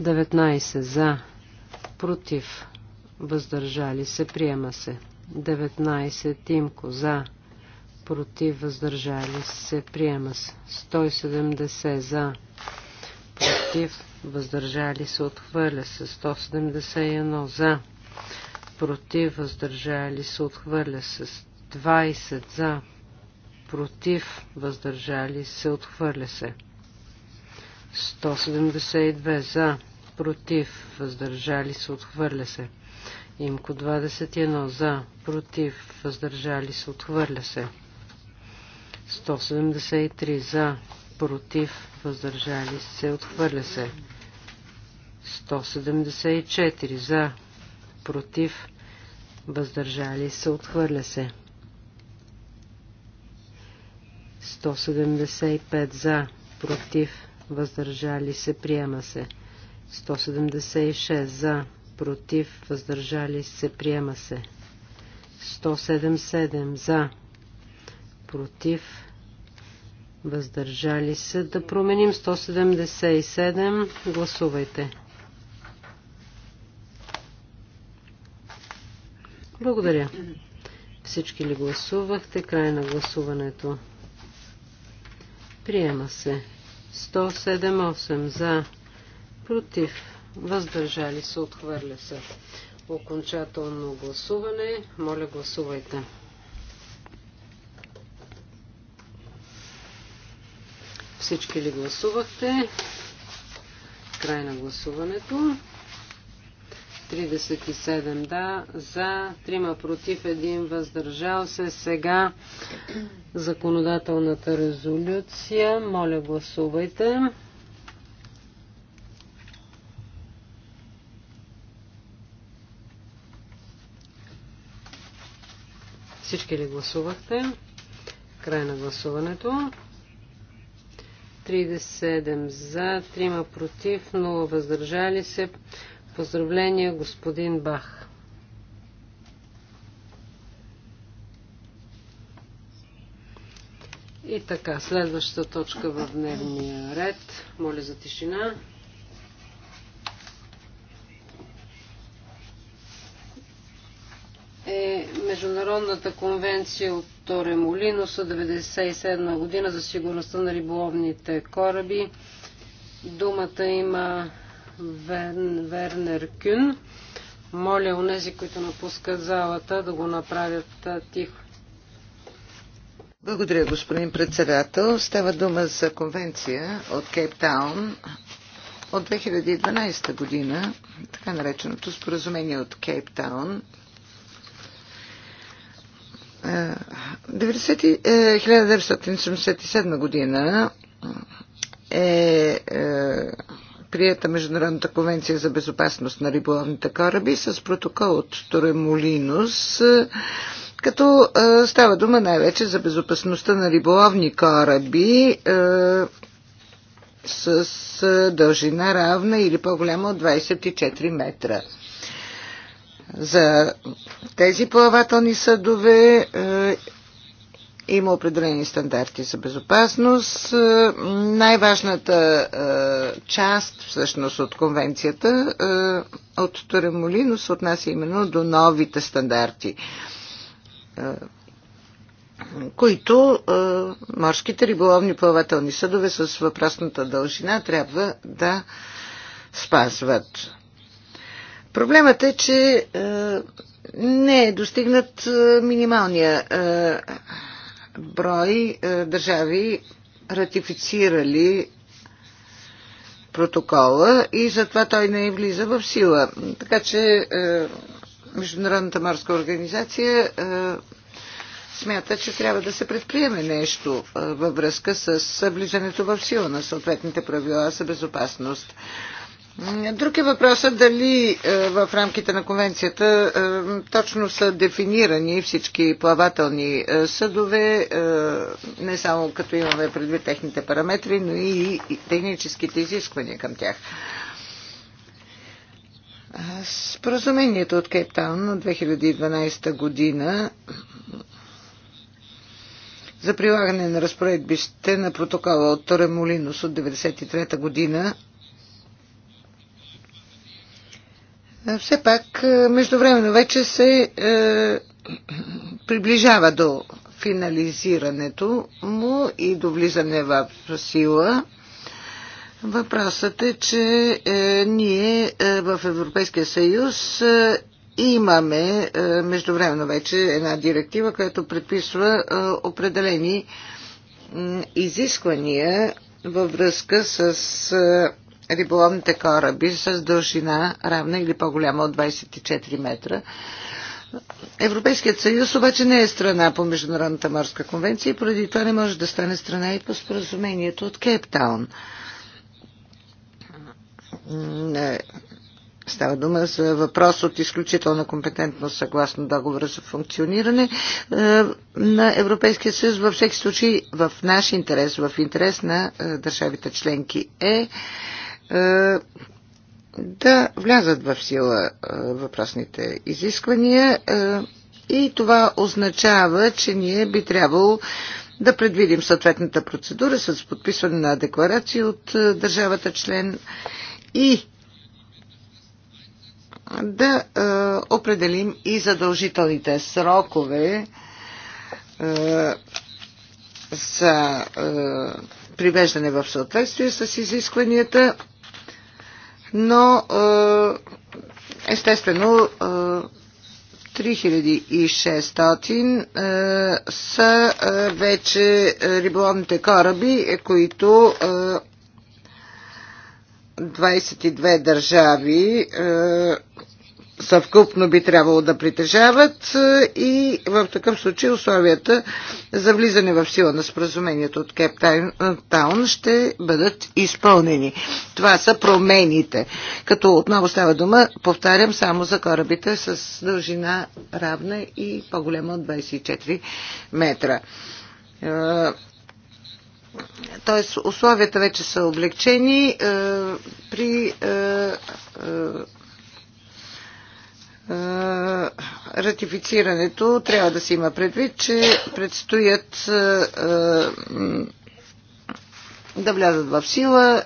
Speaker 2: 19 за, против, въздържали се, приема се. 19 имко за, против, против, въздържали се, приема се. 170 за, против, въздържали се, отхвърля се. 171 за, против, въздържали се, отхвърля се. 20 за, против, въздържали се, отхвърля се. 172 за, против, въздържали се, отхвърля се. Имко 21 за, против, въздържали се, отхвърля се. 173 за, против, въздържали се, отхвърля се. 174 за, против, въздържали се, отхвърля се. 175 за, против, въздържали се, приема се. 176 за, против, въздържали се, приема се. 177 за, против, въздържали се. Да променим 177. Гласувайте. Благодаря. Всички ли гласувахте? Край на гласуването. Приема се. 107-8 за, против, въздържали се, отхвърля се. Окончателно гласуване. Моля, гласувайте. Всички ли гласувахте? Край на гласуването. 37 да, за, 3 против, 1 въздържал се. Сега законодателната резолюция. Моля, гласувайте. Всички ли гласувахте? Край на гласуването. 37 за, 3 против, 0 въздържали се. Поздравление, господин Бах. И така, следващата точка в дневния ред. Моля за тишина. Международната конвенция от Торе Молиноса 1997 година за сигурността на риболовните кораби. Думата има Вен, Вернер Кюн. Моля нези, които напускат залата, да го направят тихо.
Speaker 4: Благодаря, господин председател. Става дума за конвенция от Кейптаун от 2012 година, така нареченото споразумение от Кейптаун. 1977 е, година е, е прията Международната конвенция за безопасност на риболовните кораби с протокол от Торемолинус, като е, става дума най-вече за безопасността на риболовни кораби е, с е, дължина равна или по-голяма от 24 метра. За тези плавателни съдове е, има определени стандарти за безопасност. Е, най-важната е, част всъщност от конвенцията от Торемолино се отнася именно до новите стандарти, които морските риболовни плавателни съдове с въпросната дължина трябва да спазват. Проблемът е, че е, не е достигнат е, минималния е, брой държави, ратифицирали протокола и затова той не е влиза в сила. Така че е, Международната морска организация е, смята, че трябва да се предприеме нещо е, във връзка с влизането в сила на съответните правила за безопасност. Друг е въпросът дали е, в рамките на конвенцията е, точно са дефинирани всички плавателни е, съдове, не само като имаме предвид техните параметри, но и техническите изисквания към тях. Споразумението от Кейптаун от 2012 година за прилагане на разпоредбище на протокола от Торемолинус от 1993 година Е, все пак е, междувременно вече се е, приближава до финализирането му и до влизане в сила. Въпросът е, че е, ние е, в Европейския съюз е, имаме е, междувременно вече една директива, която предписва е, определени е, изисквания във връзка с е, риболовните кораби с дължина равна или по-голяма от 24 метра. Европейският съюз обаче не е страна по Международната морска конвенция и поради това не може да стане страна и по споразумението от Кейптаун. Става дума за въпрос от изключителна компетентност съгласно договора за функциониране е, на Европейския съюз. Във всеки случай в наш интерес, в интерес на е, държавите членки е е, да влязат в сила е, въпросните изисквания е, и това означава, че ние би трябвало да предвидим съответната процедура с подписване на декларация от държавата член и да е, определим и задължителните срокове е, за е, привеждане в съответствие с изискванията но е, естествено 3600 е, е, са вече риболовните кораби, които 22 държави съвкупно би трябвало да притежават е, и в такъв случай условията за влизане в сила на споразумението от Кептаун ще бъдат изпълнени. Това са промените. Като отново става дума, повтарям, само за корабите с дължина равна и по-голема от 24 метра. Е, тоест, условията вече са облегчени е, при е, ратифицирането трябва да се има предвид, че предстоят е, е, да влязат в сила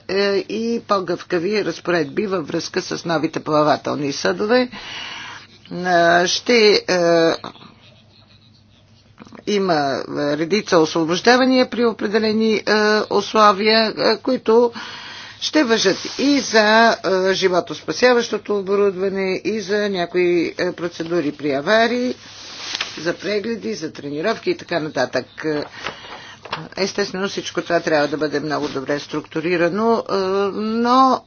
Speaker 4: и по-гъвкави разпоредби във връзка с новите плавателни съдове. Ще има редица освобождавания при определени условия, които ще въжат и за е, животоспасяващото оборудване, и за някои е, процедури при аварии, за прегледи, за тренировки и така нататък. Естествено, всичко това трябва да бъде много добре структурирано, е, но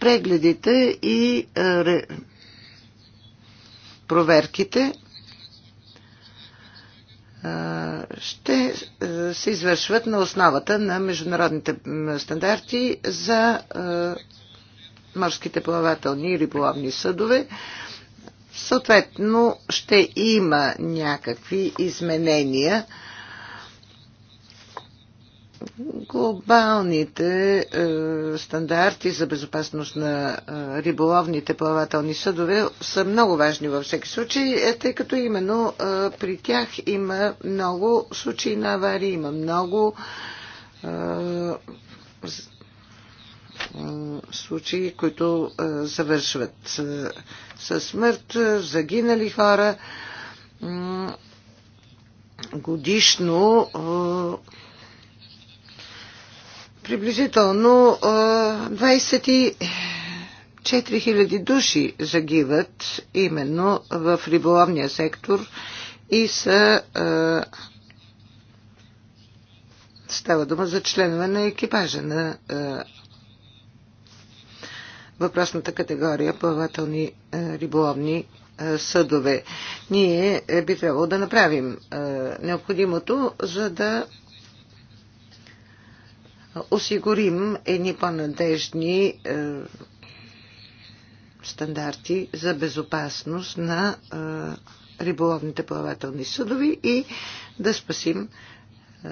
Speaker 4: прегледите и проверките ще се извършват на основата на международните стандарти за морските плавателни и риболовни съдове. Съответно ще има някакви изменения глобалните е, стандарти за безопасност на е, риболовните плавателни съдове са много важни във всеки случай, е, тъй като именно е, при тях има много случаи на аварии, има много е, е случаи, които е, завършват е, със смърт, е, загинали хора. Е, годишно е, Приблизително 24 000 души загиват именно в риболовния сектор и са Става дума за членове на екипажа на въпросната категория плавателни риболовни съдове. Ние е, би трябвало да направим необходимото, за да осигурим едни по-надежни е, стандарти за безопасност на е, риболовните плавателни съдови и да спасим е,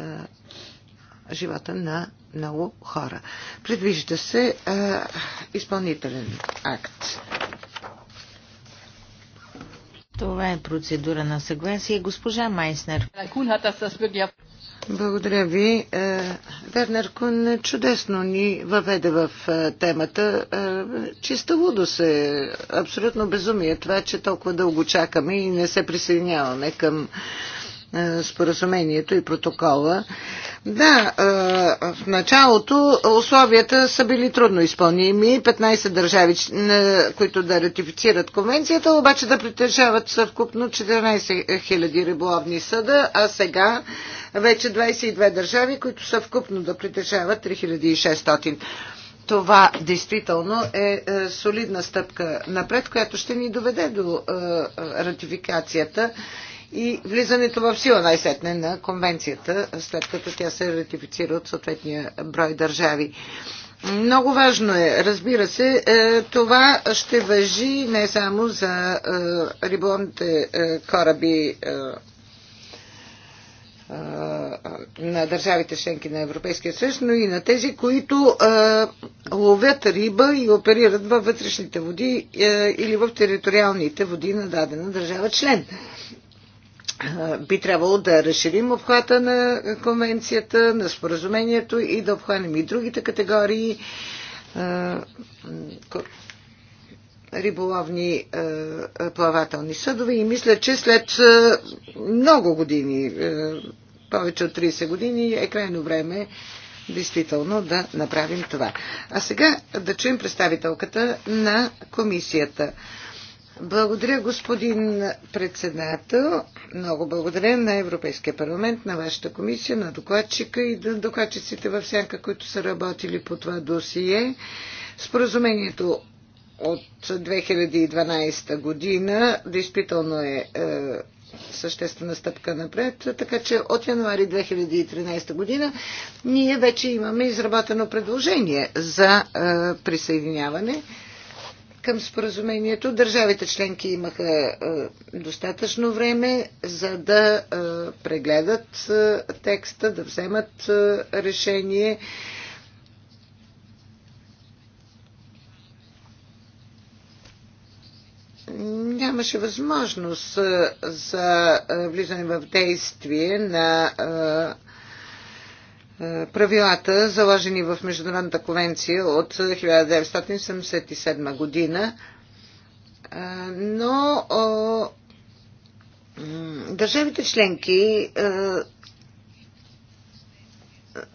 Speaker 4: живота на много хора. Предвижда се
Speaker 3: изпълнителен акт. Това е процедура на съгласие. Госпожа Майснер.
Speaker 4: Благодаря ви. Е, Вернер Кун чудесно ни въведе в е, темата. Е, чиста лудо се. Абсолютно безумие това, че толкова дълго чакаме и не се присъединяваме към е, споразумението и протокола. Да, е, в началото условията са били трудно изпълними. 15 държави, които да ратифицират конвенцията, обаче да притежават съвкупно 14 000 риболовни съда, а сега вече 22 държави, които съвкупно да притежават 3600. Това действително е, е солидна стъпка напред, която ще ни доведе до ратификацията и влизането в сила най-сетне на конвенцията, след като тя се ратифицира от съответния брой държави. Много важно е, разбира се, е, това ще въжи не само за е, риболовните е, кораби на държавите членки на Европейския съюз, но и на тези, които а, ловят риба и оперират във вътрешните води а, или в териториалните води на дадена държава член. А, би трябвало да разширим обхвата на конвенцията, на споразумението и да обхванем и другите категории риболовни плавателни съдове и мисля, че след много години, повече от 30 години, е крайно време действително да направим това. А сега да чуем представителката на комисията. Благодаря, господин председател. Много благодаря на Европейския парламент, на вашата комисия, на докладчика и на докладчиците във сянка, които са работили по това досие. Споразумението от 2012 година действително е, е съществена стъпка напред, така че от януари 2013 година ние вече имаме изработено предложение за е, присъединяване към споразумението. Държавите членки имаха е, достатъчно време за да е, прегледат е, текста, да вземат решение. нямаше възможност за влизане в действие на е, правилата, заложени в Международната конвенция от 1977 година. Е, но държавите членки е,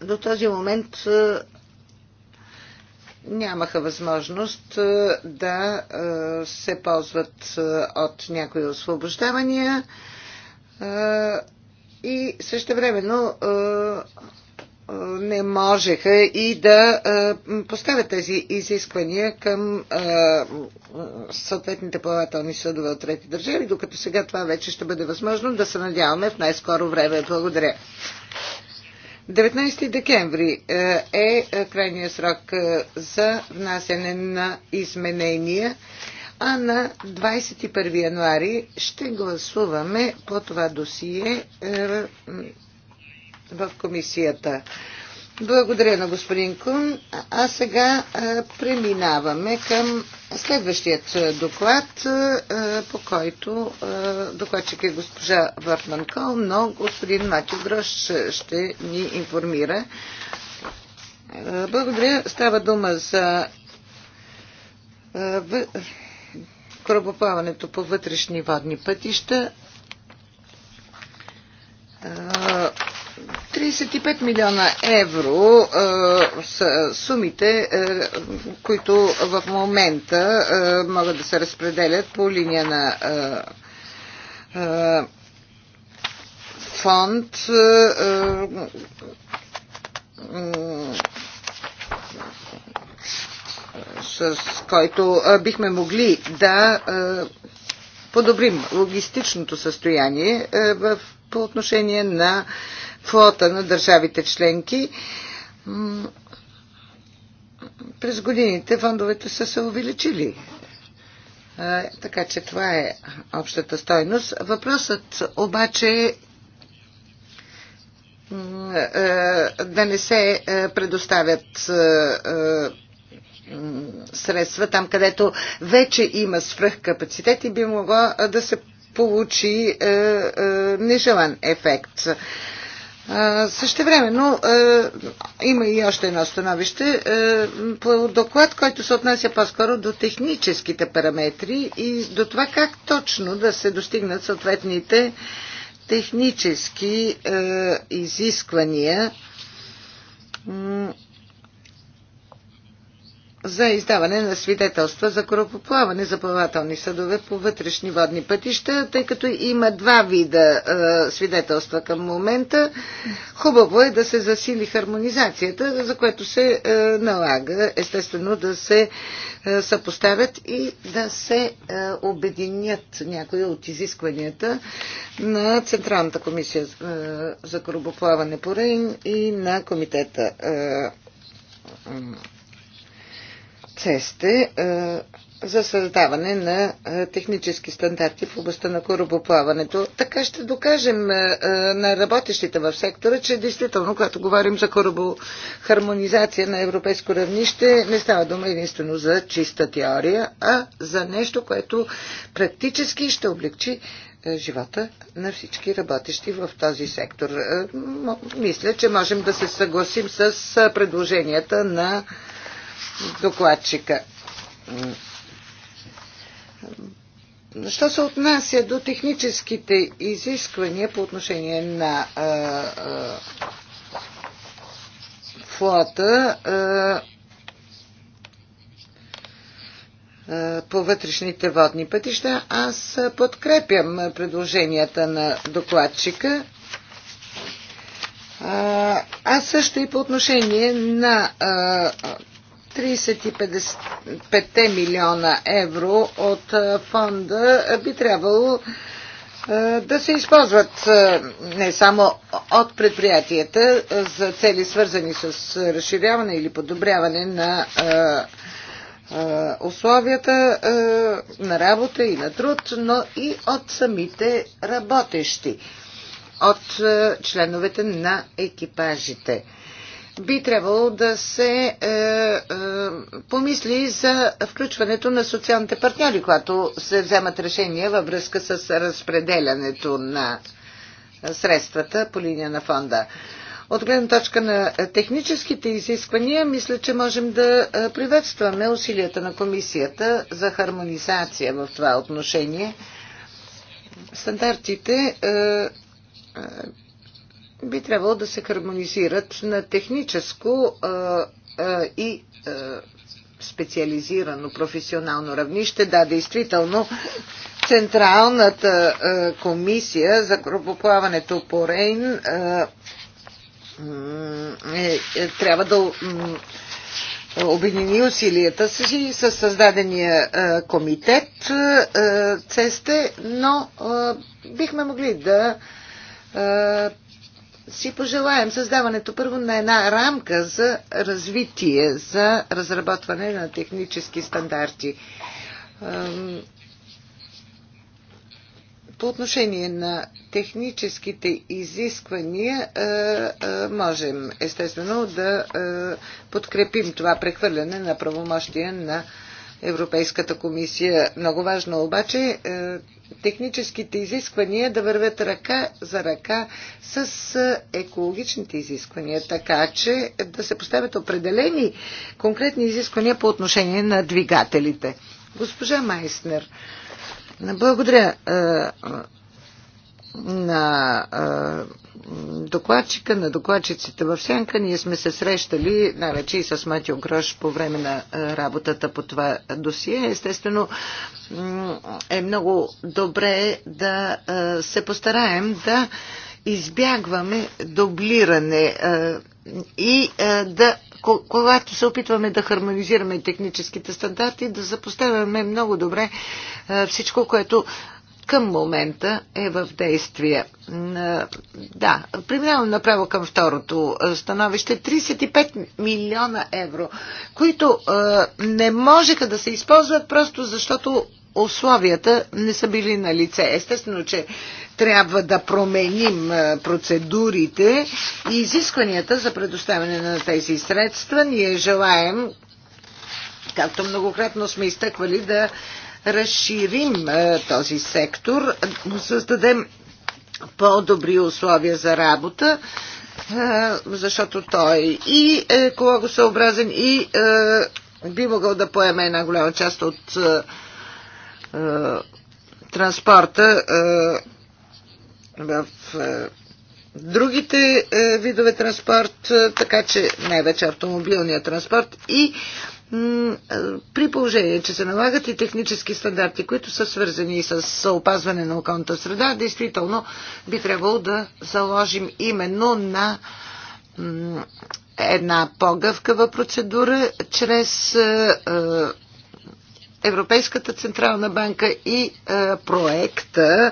Speaker 4: до този момент нямаха възможност да се ползват от някои освобождавания и също времено не можеха и да поставят тези изисквания към съответните плавателни съдове от трети държави, докато сега това вече ще бъде възможно да се надяваме в най-скоро време. Благодаря. 19 декември е крайния срок за внасяне на изменения, а на 21 януари ще гласуваме по това досие в комисията. Благодаря на господин Кун. А сега а, преминаваме към следващият доклад, а, по който а, докладчик е госпожа Въртман Кол, но господин Мати Грош ще ни информира. А, благодаря. Става дума за корабоплаването по вътрешни водни пътища. А, 35 милиона евро а, са сумите, а, които в момента а, могат да се разпределят по линия на а, а, фонд. А, с който бихме могли да подобрим логистичното състояние в по отношение на флота на държавите членки. През годините фондовете са се увеличили. Така че това е общата стойност. Въпросът обаче е да не се предоставят средства там, където вече има свръхкапацитет и би могло да се получи е, е, нежелан ефект. Е, Също време, но е, има и още едно становище е, по доклад, който се отнася по-скоро до техническите параметри и до това как точно да се достигнат съответните технически е, изисквания за издаване на свидетелства за корабоплаване за плавателни съдове по вътрешни водни пътища, тъй като има два вида е, свидетелства към момента. Хубаво е да се засили хармонизацията, за което се е, налага естествено да се е, съпоставят и да се е, обединят някои от изискванията на Централната комисия е, за корабоплаване по Рейн и на комитета. Е, цесте е, за създаване на е, технически стандарти в областта на корабоплаването. Така ще докажем е, на работещите в сектора, че действително, когато говорим за корабохармонизация на европейско равнище, не става дума единствено за чиста теория, а за нещо, което практически ще облегчи живота на всички работещи в този сектор. Мисля, че можем да се съгласим с предложенията на докладчика. Що се отнася до техническите изисквания по отношение на а, а, флота а, а, по вътрешните водни пътища, аз подкрепям предложенията на докладчика. А, аз също и по отношение на а, 35 милиона евро от фонда би трябвало да се използват не само от предприятията за цели свързани с разширяване или подобряване на условията на работа и на труд, но и от самите работещи, от членовете на екипажите би трябвало да се е, е, помисли за включването на социалните партньори, когато се вземат решения във връзка с разпределянето на средствата по линия на фонда. От гледна точка на техническите изисквания, мисля, че можем да е, приветстваме усилията на комисията за хармонизация в това отношение. Стандартите е, е би трябвало да се хармонизират на техническо и специализирано професионално равнище. Да, действително, Централната комисия за корабоплаването по Рейн е, е, трябва да обедини усилията си с създадения комитет ЦЕСТЕ, но бихме могли да си пожелаем създаването първо на една рамка за развитие, за разработване на технически стандарти. По отношение на техническите изисквания можем естествено да подкрепим това прехвърляне на правомощия на Европейската комисия. Много важно обаче е, техническите изисквания да вървят ръка за ръка с е, екологичните изисквания, така че да се поставят определени конкретни изисквания по отношение на двигателите. Госпожа Майснер, благодаря е, на а, докладчика, на докладчиците в Сянка. Ние сме се срещали най-вече и с Матио Грош по време на работата по това досие. Естествено е много добре да се постараем да избягваме дублиране и да когато се опитваме да хармонизираме техническите стандарти, да запоставяме много добре всичко, което към момента е в действие. Да, преминавам направо към второто становище. 35 милиона евро, които не можеха да се използват просто защото условията не са били на лице. Естествено, че трябва да променим процедурите и изискванията за предоставяне на тези средства. Ние желаем, както многократно сме изтъквали, да разширим е, този сектор, създадем по-добри условия за работа, е, защото той е и екологосъобразен, и е, би могъл да поеме една голяма част от транспорта в другите видове транспорт, така че най-вече автомобилния транспорт и е, при положение, че се налагат и технически стандарти, които са свързани с опазване на околната среда, действително би трябвало да заложим именно на една по-гъвкава процедура чрез е, е, Европейската Централна банка и проекта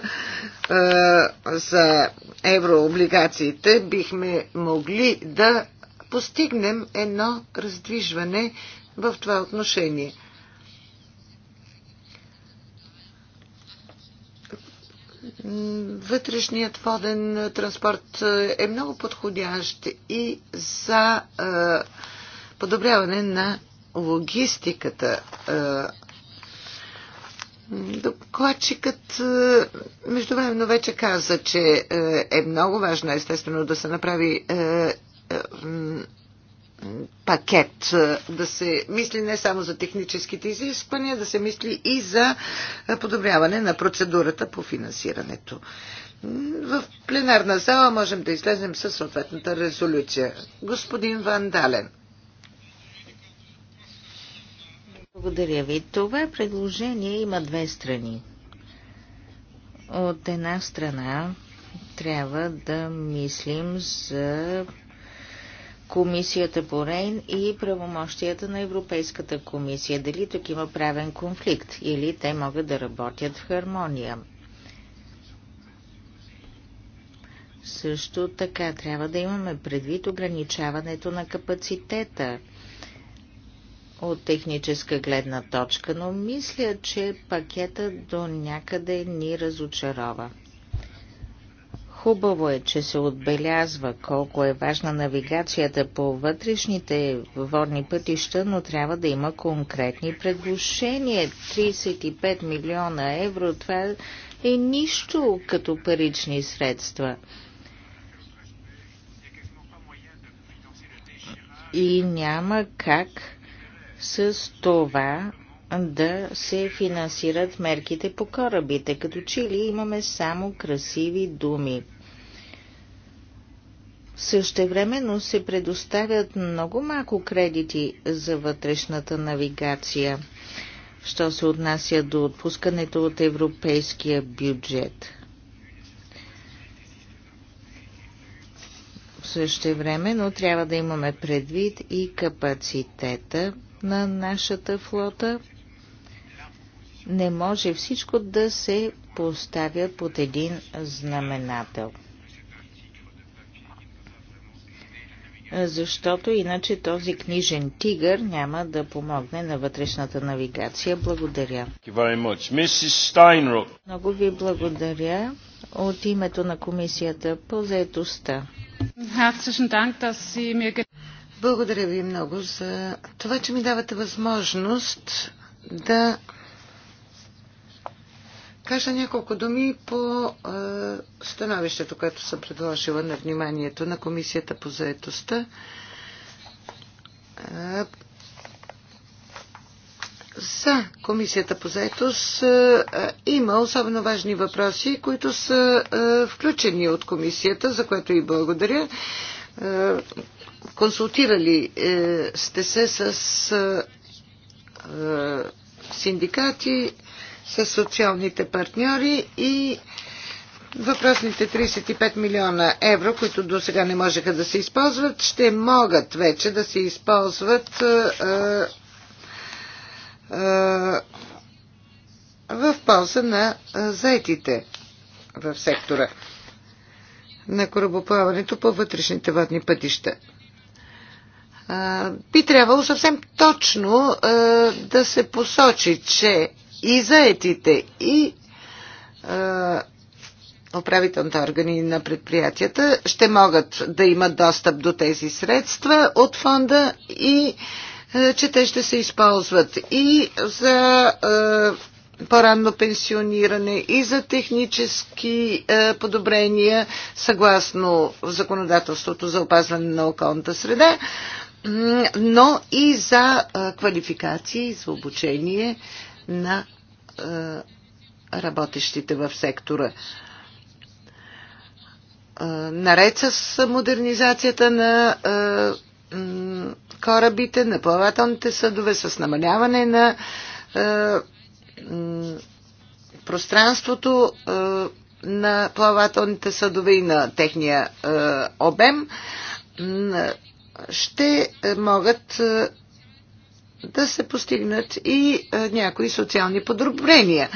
Speaker 4: за еврооблигациите бихме могли да постигнем едно раздвижване в това отношение. Вътрешният воден транспорт е много подходящ и за подобряване на логистиката. Докладчикът междувременно вече каза, че е много важно естествено да се направи пакет, да се мисли не само за техническите изисквания, да се мисли и за подобряване на процедурата по финансирането. В пленарна зала можем да излезем със съответната резолюция.
Speaker 3: Господин Ван Дален. Благодаря ви. Това предложение има две страни. От една страна трябва да мислим за Комисията по Рейн и правомощията на Европейската комисия. Дали тук има правен конфликт или те могат да работят в хармония? Също така трябва да имаме предвид ограничаването на капацитета от техническа гледна точка, но мисля, че пакета до някъде ни разочарова. Хубаво е, че се отбелязва колко е важна навигацията по вътрешните водни пътища, но трябва да има конкретни предложения. 35 милиона евро, това е нищо като парични средства. И няма как с това да се финансират мерките по корабите, като че ли имаме само красиви думи. Същевременно се предоставят много малко кредити за вътрешната навигация, що се отнася до отпускането от европейския бюджет. Същевременно трябва да имаме предвид и капацитета на нашата флота. Не може всичко да се поставя под един знаменател – защото иначе този книжен тигър няма да помогне на вътрешната навигация. Благодаря. Много ви благодаря от името на комисията по заедостта.
Speaker 4: Благодаря ви много за това, че ми давате възможност да кажа няколко думи по е, становището, което съм предложила на вниманието на Комисията по заедостта. Е, за Комисията по заетост има особено важни въпроси, които са включени от Комисията, за което и благодаря. Консултирали е, сте се с синдикати, с социалните партньори и въпросните 35 милиона евро, които до сега не можеха да се използват, ще могат вече да се използват а, а, в полза на заетите в сектора на корабоплаването по вътрешните водни пътища. Би трябвало съвсем точно да се посочи, че и заетите, и управителните органи на предприятията ще могат да имат достъп до тези средства от фонда и че те ще се използват и за по-ранно пенсиониране и за технически подобрения съгласно законодателството за опазване на околната среда, но и за квалификации, за обучение на е, работещите в сектора. Е, наред с модернизацията на е, корабите, на плавателните съдове, с намаляване на пространството на плавателните съдове и на техния обем, ще могат да се постигнат и някои социални подобрения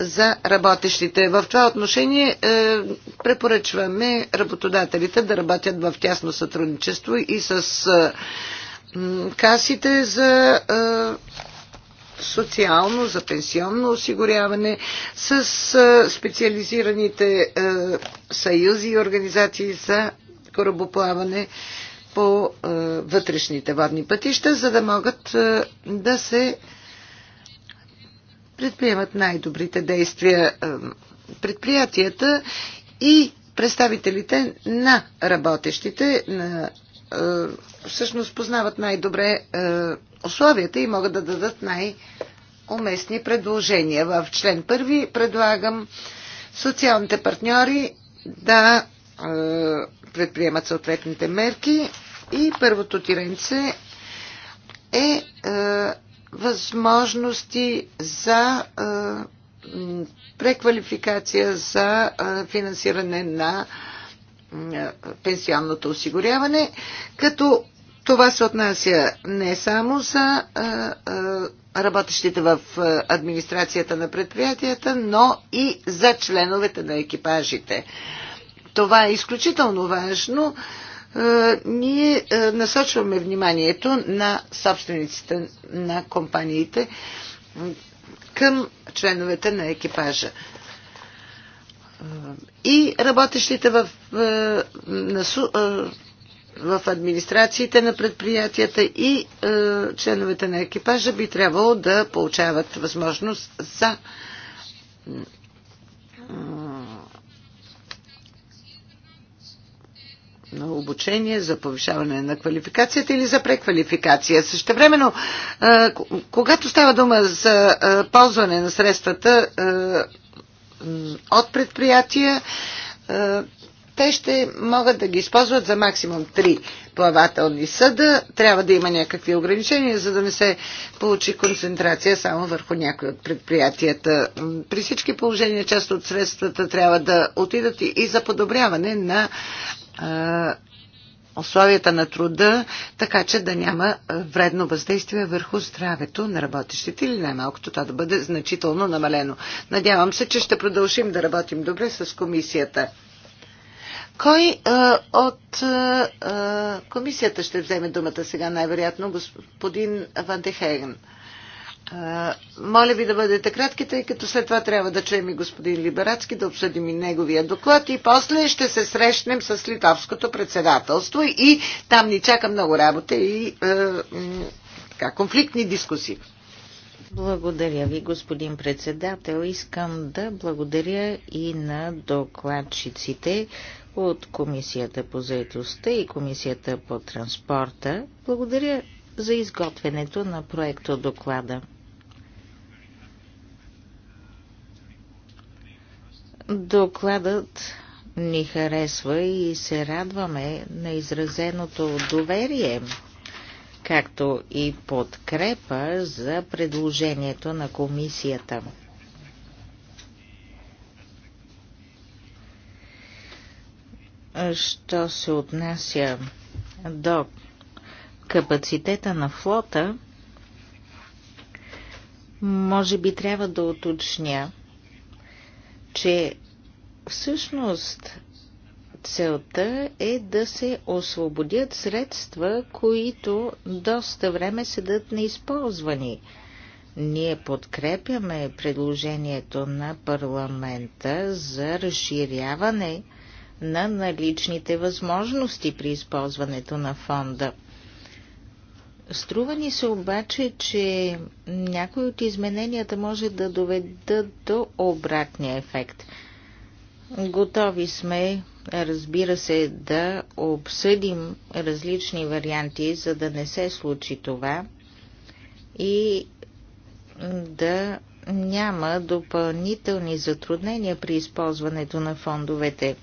Speaker 4: за работещите. В това отношение а, е, препоръчваме работодателите да работят в тясно сътрудничество и с м, касите за а, социално, за пенсионно осигуряване, с а, специализираните а, е, съюзи и организации за корабоплаване по е, вътрешните водни пътища, за да могат е, да се предприемат най-добрите действия е, предприятията и представителите на работещите, на, всъщност познават най-добре условията и могат да дадат най-уместни предложения. В член първи предлагам социалните партньори да предприемат съответните мерки и първото тиренце е, е възможности за е, преквалификация за е, финансиране на е, пенсионното осигуряване, като това се отнася не само за е, е работещите в е, администрацията на предприятията, но и за членовете на екипажите. Това е изключително важно ние насочваме вниманието на собствениците на компаниите към членовете на екипажа и работещите в, на, в администрациите на предприятията и членовете на екипажа би трябвало да получават възможност за На обучение, за повишаване на квалификацията или за преквалификация. времено, когато става дума за ползване на средствата от предприятия, те ще могат да ги използват за максимум 3 плавателни съда. Трябва да има някакви ограничения, за да не се получи концентрация само върху някои от предприятията. При всички положения част от средствата трябва да отидат и за подобряване на условията на труда, така че да няма вредно въздействие върху здравето на работещите или най-малкото това да бъде значително намалено. Надявам се, че ще продължим да работим добре с комисията. Кой а, от а, комисията ще вземе думата сега най-вероятно? Господин Ван Дехейген. Моля ви да бъдете кратки, тъй като след това трябва да чуем и господин Либерацки, да обсъдим и неговия доклад и после ще се срещнем с литовското председателство и там ни чака много работа и така, конфликтни дискусии.
Speaker 3: Благодаря ви, господин председател. Искам да благодаря и на докладчиците от Комисията по заедостта и Комисията по транспорта. Благодаря за изготвянето на проекто доклада. Докладът ни харесва и се радваме на изразеното доверие, както и подкрепа за предложението на комисията. Що се отнася до капацитета на флота, може би трябва да уточня, че всъщност целта е да се освободят средства, които доста време седат неизползвани. Ние подкрепяме предложението на парламента за разширяване на наличните възможности при използването на фонда – Струва ни се обаче, че някои от измененията може да доведат до обратния ефект. Готови сме, разбира се, да обсъдим различни варианти, за да не се случи това и да няма допълнителни затруднения при използването на фондовете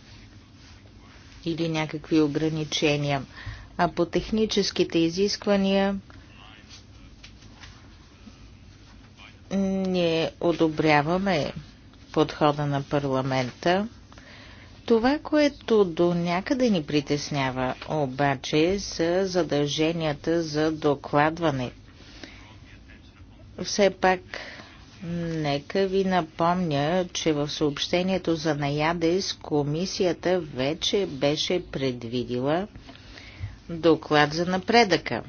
Speaker 3: или някакви ограничения. А по техническите изисквания ние одобряваме подхода на парламента. Това, което до някъде ни притеснява обаче са задълженията за докладване. Все пак, нека ви напомня, че в съобщението за наядес комисията вече беше предвидила доклад за напредъка.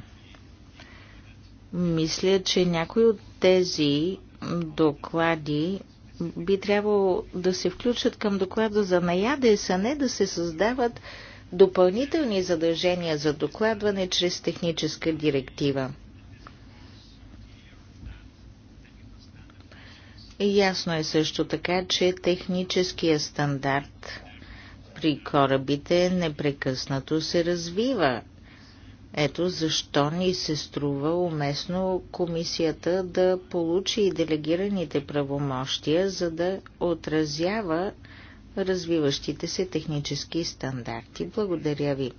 Speaker 3: Мисля, че някои от тези доклади би трябвало да се включат към доклада за наядес, а не да се създават допълнителни задължения за докладване чрез техническа директива. Ясно е също така, че техническия стандарт при корабите непрекъснато се развива ето защо ни се струва уместно комисията да получи и делегираните правомощия, за да отразява развиващите се технически стандарти. Благодаря ви.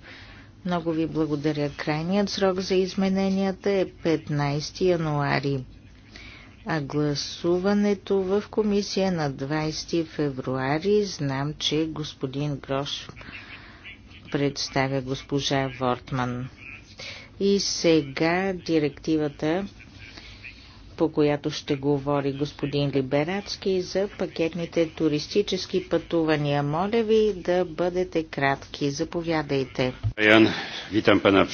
Speaker 3: Много ви благодаря. Крайният срок за измененията е 15 януари, а гласуването в комисия на 20 февруари. Знам, че господин Грош представя госпожа Вортман. И сега директивата, по която ще говори господин Либерацки за пакетните туристически пътувания. Моля ви да бъдете кратки. Заповядайте.
Speaker 1: Ян, витам пана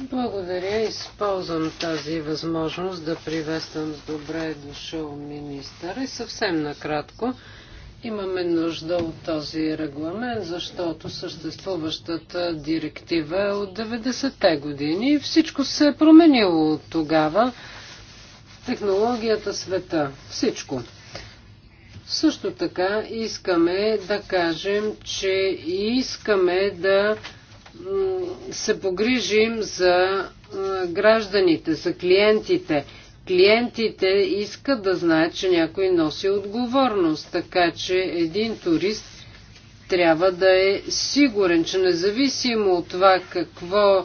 Speaker 2: благодаря. Използвам тази възможност да приветствам с добре дошъл министър и съвсем накратко Имаме нужда от този регламент, защото съществуващата директива е от 90-те години и всичко се е променило от тогава. Технологията, света, всичко. Също така искаме да кажем, че искаме да се погрижим за гражданите, за клиентите – Клиентите искат да знаят, че някой носи отговорност, така че един турист трябва да е сигурен, че независимо от това какво,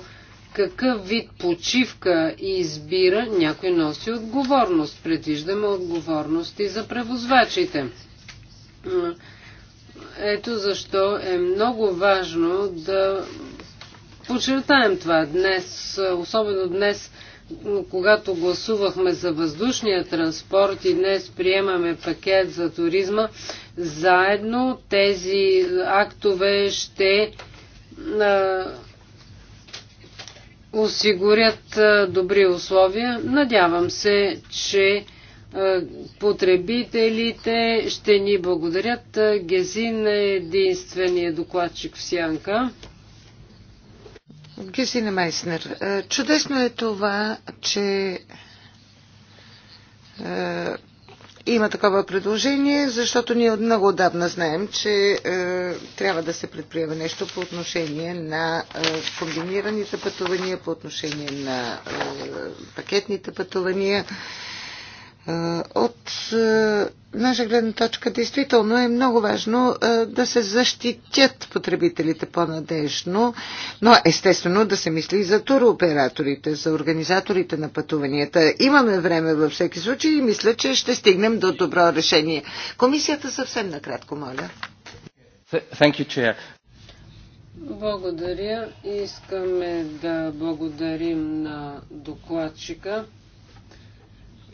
Speaker 2: какъв вид почивка и избира, някой носи отговорност. Предвиждаме отговорности за превозвачите. Ето защо е много важно да подчертаем това днес, особено днес, когато гласувахме за въздушния транспорт и днес приемаме пакет за туризма, заедно тези актове ще а, осигурят а, добри условия. Надявам се, че а, потребителите ще ни благодарят. Гезин е единствения докладчик в Сянка.
Speaker 4: Кристина Майснер, е, чудесно е това, че е, има такова предложение, защото ние от много отдавна знаем, че е, трябва да се предприема нещо по отношение на е, комбинираните пътувания, по отношение на е, пакетните пътувания. Е, от е, наша гледна точка, действително е много важно е, да се защитят потребителите по-надежно, но естествено да се мисли и за туроператорите, за организаторите на пътуванията. Имаме време във всеки случай и мисля, че ще стигнем до добро решение. Комисията съвсем накратко, моля. Thank you, Chair.
Speaker 2: Благодаря. Искаме да благодарим на докладчика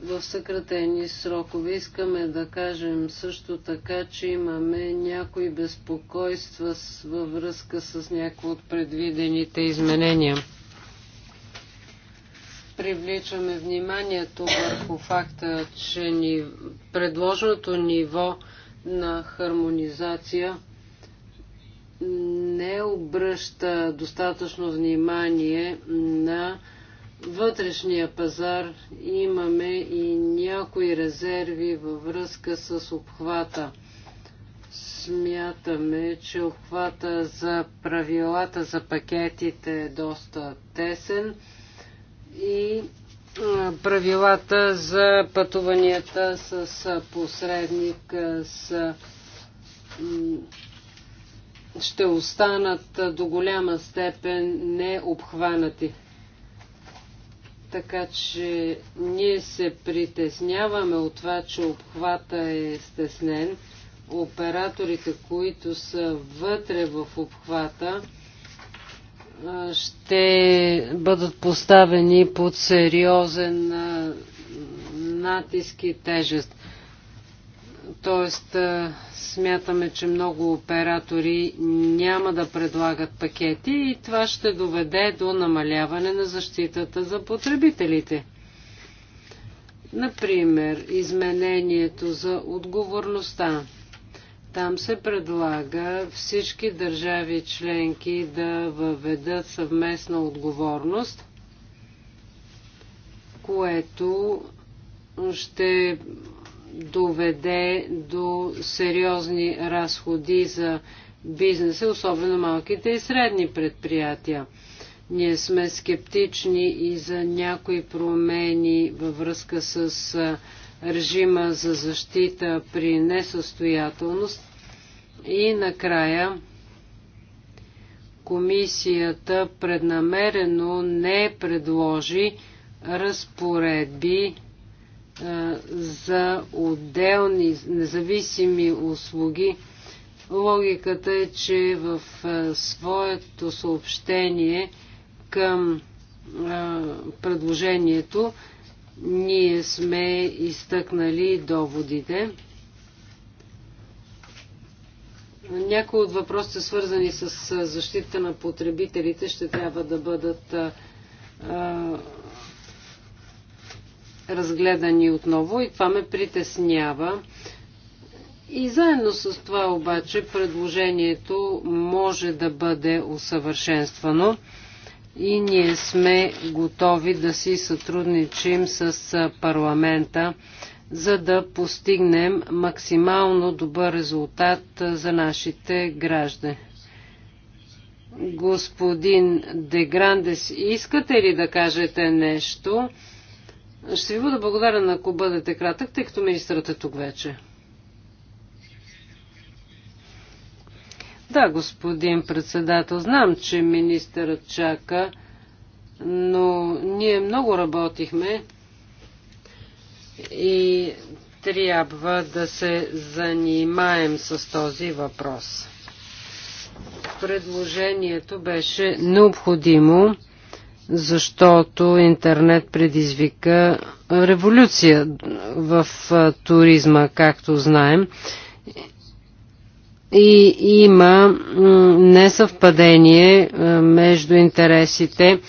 Speaker 2: в съкратени срокове. Искаме да кажем също така, че имаме някои безпокойства във връзка с някои от предвидените изменения. Привличаме вниманието върху факта, че ни, предложеното ниво на хармонизация не обръща достатъчно внимание на вътрешния пазар имаме и някои резерви във връзка с обхвата. Смятаме, че обхвата за правилата за пакетите е доста тесен и правилата за пътуванията с посредник са ще останат до голяма степен необхванати. Така че ние се притесняваме от това, че обхвата е стеснен. Операторите, които са вътре в обхвата, ще бъдат поставени под сериозен натиск и тежест. Тоест, смятаме, че много оператори няма да предлагат пакети и това ще доведе до намаляване на защитата за потребителите. Например, изменението за отговорността. Там се предлага всички държави членки да въведат съвместна отговорност, което ще доведе до сериозни разходи за бизнеса, особено малките и средни предприятия. Ние сме скептични и за някои промени във връзка с режима за защита при несъстоятелност. И накрая комисията преднамерено не предложи разпоредби за отделни независими услуги. Логиката е, че в своето съобщение към предложението ние сме изтъкнали доводите. Някои от въпросите, свързани с защита на потребителите, ще трябва да бъдат разгледани отново и това ме притеснява. И заедно с това обаче предложението може да бъде усъвършенствано и ние сме готови да си сътрудничим с парламента, за да постигнем максимално добър резултат за нашите граждани. Господин Деграндес, искате ли да кажете нещо? Ще ви бъда благодарен, ако бъдете кратък, тъй като министърът е тук вече. Да, господин председател, знам, че министърът чака, но ние много работихме и трябва да се занимаем с този въпрос. Предложението беше необходимо защото интернет предизвика революция в туризма, както знаем. И има несъвпадение между интересите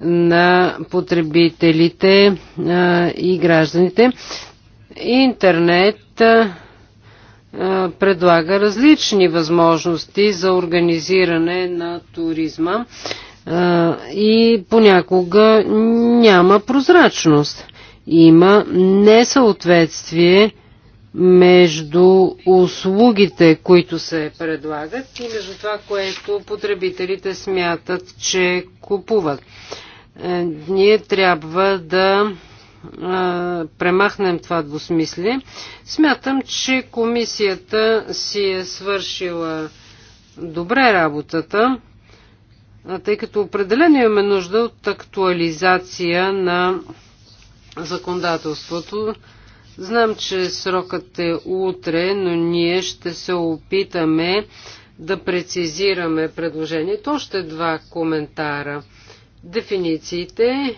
Speaker 2: на потребителите и гражданите. Интернет предлага различни възможности за организиране на туризма и понякога няма прозрачност. Има несъответствие между услугите, които се предлагат и между това, което потребителите смятат, че купуват. Е, ние трябва да премахнем това двусмислие. Смятам, че комисията си е свършила добре работата тъй като определено имаме нужда от актуализация на законодателството. Знам, че срокът е утре, но ние ще се опитаме да прецизираме предложението. Още два коментара. Дефинициите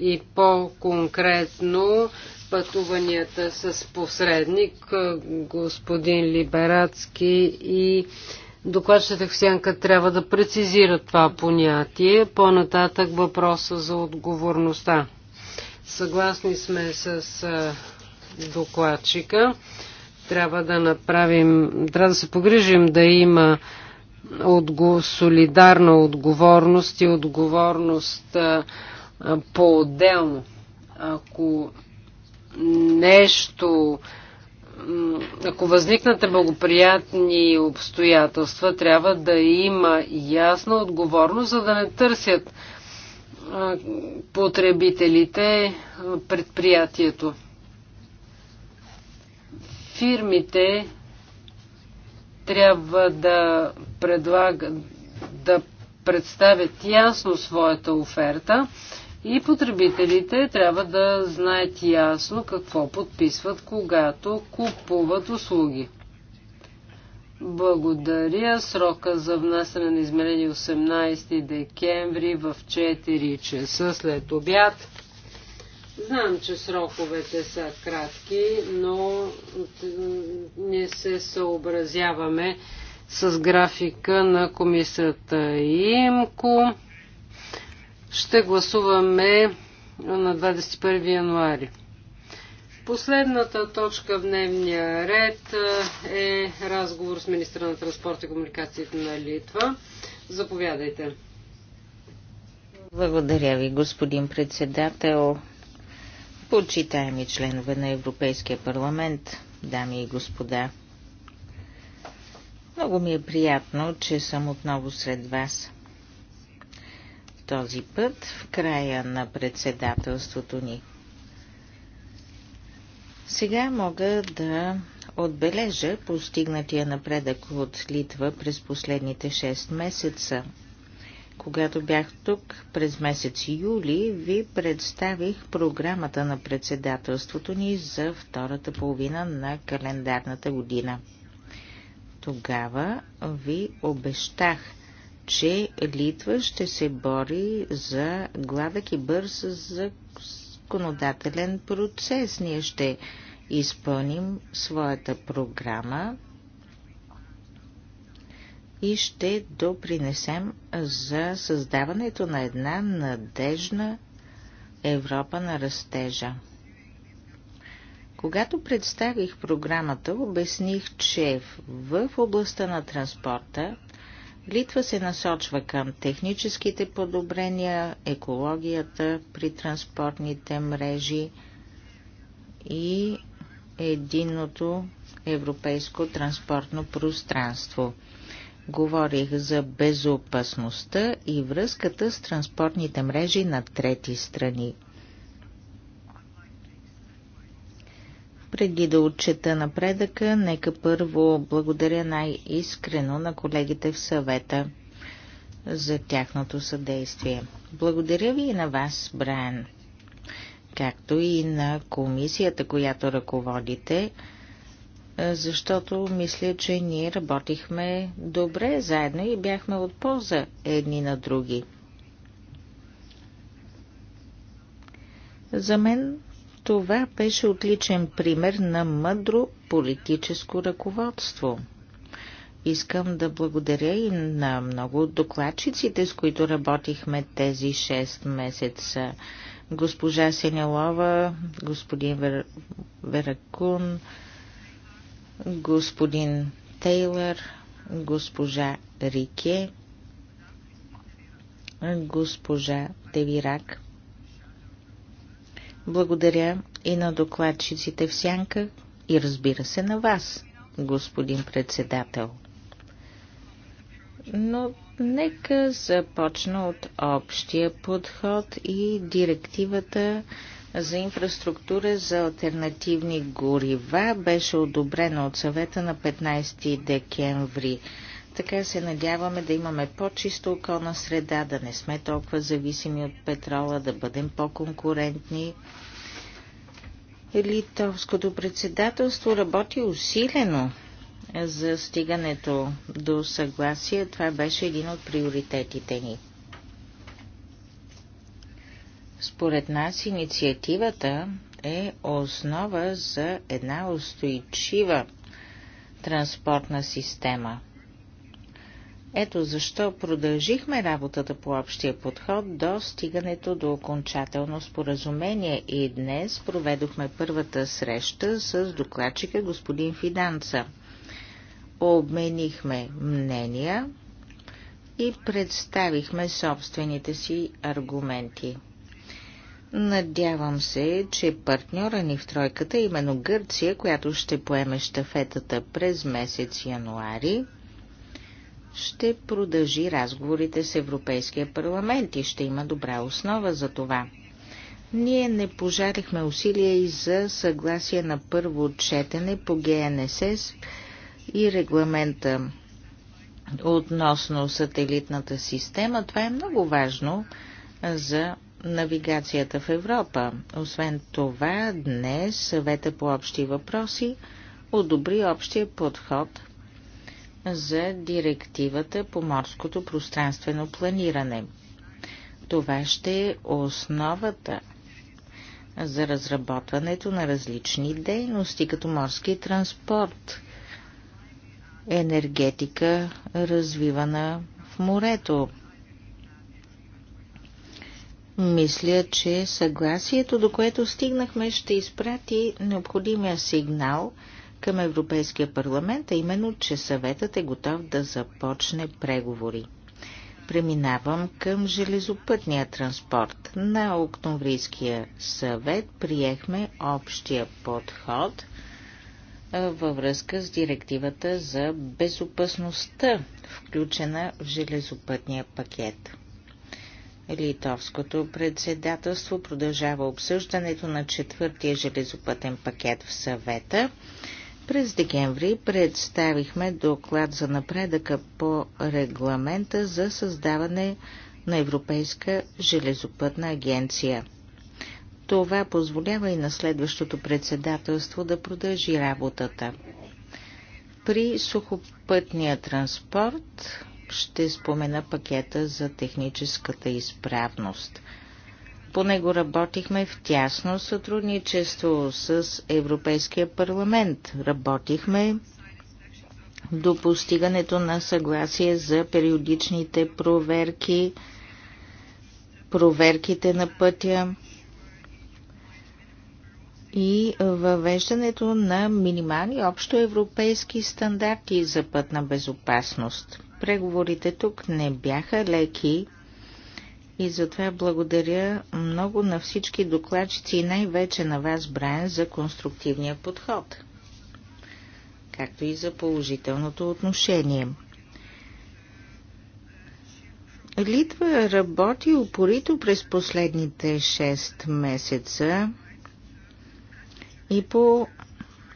Speaker 2: и по-конкретно пътуванията с посредник, господин Либерацки и Докладчата Хсянка трябва да прецизира това понятие. По-нататък въпроса за отговорността. Съгласни сме с докладчика. Трябва да направим, трябва да се погрижим да има отго, солидарна отговорност и отговорност по-отделно. Ако нещо ако възникнат благоприятни обстоятелства, трябва да има ясна отговорност, за да не търсят потребителите предприятието. Фирмите трябва да предлагат, да представят ясно своята оферта и потребителите трябва да знаят ясно какво подписват, когато купуват услуги. Благодаря. Срока за внасяне на измерение 18 е декември в 4 часа след обяд. Знам, че сроковете са кратки, но не се съобразяваме с графика на комисията ИМКО ще гласуваме на 21 януари. Последната точка в дневния ред е разговор с министра на транспорта и комуникациите на Литва. Заповядайте.
Speaker 3: Благодаря ви, господин председател. Почитаеми членове на Европейския парламент, дами и господа. Много ми е приятно, че съм отново сред вас този път в края на председателството ни. Сега мога да отбележа постигнатия напредък от Литва през последните 6 месеца. Когато бях тук през месец юли, ви представих програмата на председателството ни за втората половина на календарната година. Тогава ви обещах – че Литва ще се бори за гладък и бърз законодателен процес. Ние ще изпълним своята програма и ще допринесем за създаването на една надежна Европа на растежа. Когато представих програмата, обясних, че в областта на транспорта Литва се насочва към техническите подобрения, екологията при транспортните мрежи и единното европейско транспортно пространство. Говорих за безопасността и връзката с транспортните мрежи на трети страни. Преди да отчета напредъка, нека първо благодаря най-искрено на колегите в съвета за тяхното съдействие. Благодаря ви и на вас, Брайан, както и на комисията, която ръководите, защото мисля, че ние работихме добре заедно и бяхме от полза едни на други. За мен това беше отличен пример на мъдро политическо ръководство. Искам да благодаря и на много от докладчиците, с които работихме тези 6 месеца. Госпожа Сенелова, господин Вер... Веракун, господин Тейлър, госпожа Рике, госпожа Тевирак. Благодаря и на докладчиците в сянка и разбира се на вас, господин председател. Но нека започна от общия подход и директивата за инфраструктура за альтернативни горива беше одобрена от съвета на 15 декември така се надяваме да имаме по-чиста околна среда, да не сме толкова зависими от петрола, да бъдем по-конкурентни. Литовското председателство работи усилено за стигането до съгласие. Това беше един от приоритетите ни. Според нас инициативата е основа за една устойчива транспортна система – ето защо продължихме работата по общия подход до стигането до окончателно споразумение и днес проведохме първата среща с докладчика господин Фиданца. Обменихме мнения и представихме собствените си аргументи. Надявам се, че партньора ни в тройката, именно Гърция, която ще поеме щафетата през месец януари, ще продължи разговорите с Европейския парламент и ще има добра основа за това. Ние не пожарихме усилия и за съгласие на първо отчетене по ГНСС и регламента относно сателитната система. Това е много важно за навигацията в Европа. Освен това, днес съвета по общи въпроси одобри общия подход за директивата по морското пространствено планиране. Това ще е основата за разработването на различни дейности, като морски транспорт, енергетика, развивана в морето. Мисля, че съгласието, до което стигнахме, ще изпрати необходимия сигнал – към Европейския парламент, а именно, че съветът е готов да започне преговори. Преминавам към железопътния транспорт. На Октомврийския съвет приехме общия подход във връзка с директивата за безопасността, включена в железопътния пакет. Литовското председателство продължава обсъждането на четвъртия железопътен пакет в съвета. През декември представихме доклад за напредъка по регламента за създаване на Европейска железопътна агенция. Това позволява и на следващото председателство да продължи работата. При сухопътния транспорт ще спомена пакета за техническата изправност – по него работихме в тясно сътрудничество с Европейския парламент. Работихме до постигането на съгласие за периодичните проверки, проверките на пътя и въвеждането на минимални общоевропейски стандарти за пътна безопасност. Преговорите тук не бяха леки, и затова благодаря много на всички докладчици и най-вече на вас, Брайан, за конструктивния подход, както и за положителното отношение. Литва работи упорито през последните 6 месеца и по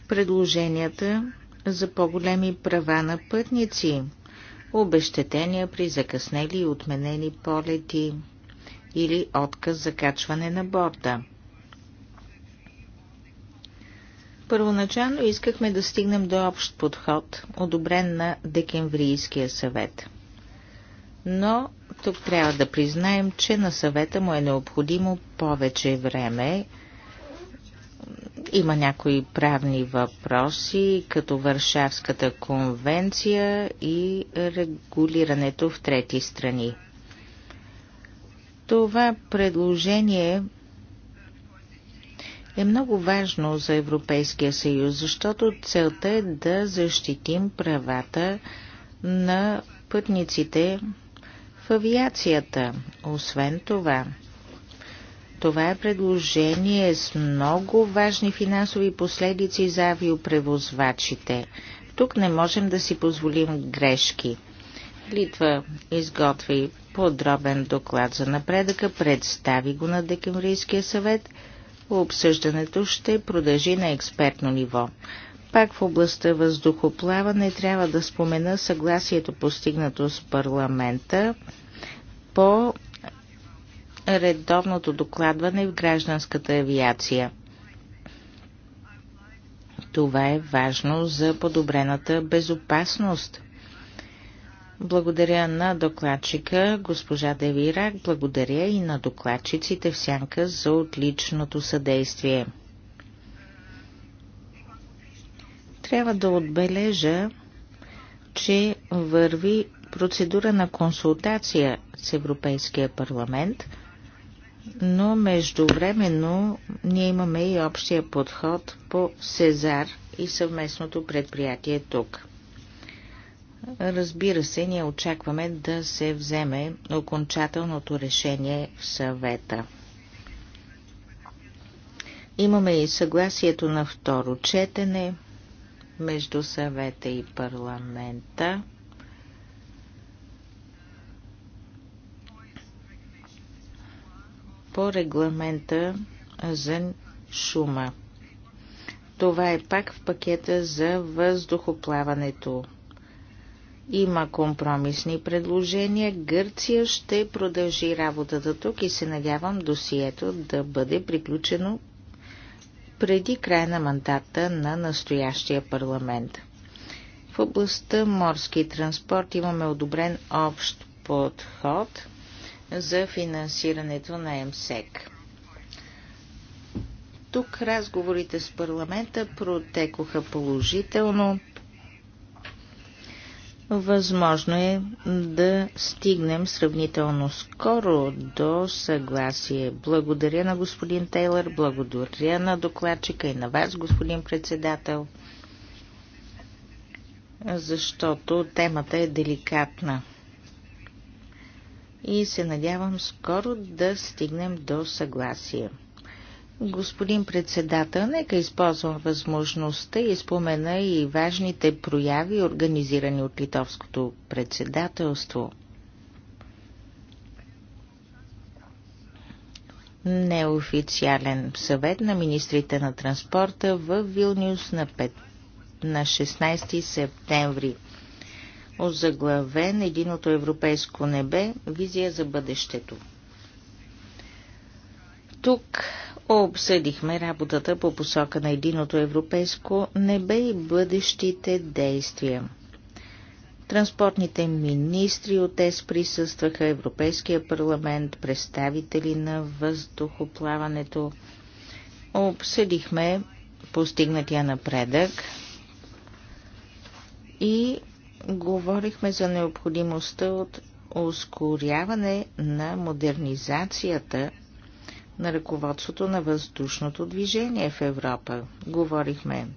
Speaker 3: предложенията за по-големи права на пътници – обещетения при закъснели и отменени полети или отказ за качване на борда. Първоначално искахме да стигнем до общ подход, одобрен на Декемврийския съвет. Но тук трябва да признаем, че на съвета му е необходимо повече време, има някои правни въпроси, като Варшавската конвенция и регулирането в трети страни. Това предложение е много важно за Европейския съюз, защото целта е да защитим правата на пътниците в авиацията. Освен това, това е предложение с много важни финансови последици за авиопревозвачите. Тук не можем да си позволим грешки. Литва изготви подробен доклад за напредъка, представи го на Декемврийския съвет. Обсъждането ще продължи на експертно ниво. Пак в областта въздухоплаване трябва да спомена съгласието постигнато с парламента по редовното докладване в гражданската авиация. Това е важно за подобрената безопасност. Благодаря на докладчика госпожа Девирак, благодаря и на докладчиците в сянка за отличното съдействие. Трябва да отбележа, че върви процедура на консултация с Европейския парламент – но междувременно ние имаме и общия подход по Сезар и съвместното предприятие тук. Разбира се, ние очакваме да се вземе окончателното решение в съвета. Имаме и съгласието на второ четене между съвета и парламента. по регламента за шума. Това е пак в пакета за въздухоплаването. Има компромисни предложения. Гърция ще продължи работата тук и се надявам досието да бъде приключено преди края на мандата на настоящия парламент. В областта морски транспорт имаме одобрен общ подход – за финансирането на МСЕК. Тук разговорите с парламента протекоха положително. Възможно е да стигнем сравнително скоро до съгласие. Благодаря на господин Тейлър, благодаря на докладчика и на вас, господин председател, защото темата е деликатна и се надявам скоро да стигнем до съгласие. Господин председател, нека използвам възможността и спомена и важните прояви, организирани от литовското председателство. Неофициален съвет на министрите на транспорта в Вилнюс на, 5, на 16 септември – озаглавен Единото европейско небе – визия за бъдещето. Тук обсъдихме работата по посока на Единото европейско небе и бъдещите действия. Транспортните министри от ЕС присъстваха, Европейския парламент, представители на въздухоплаването. Обсъдихме постигнатия напредък и Говорихме за необходимостта от ускоряване на модернизацията на ръководството на въздушното движение в Европа. Говорихме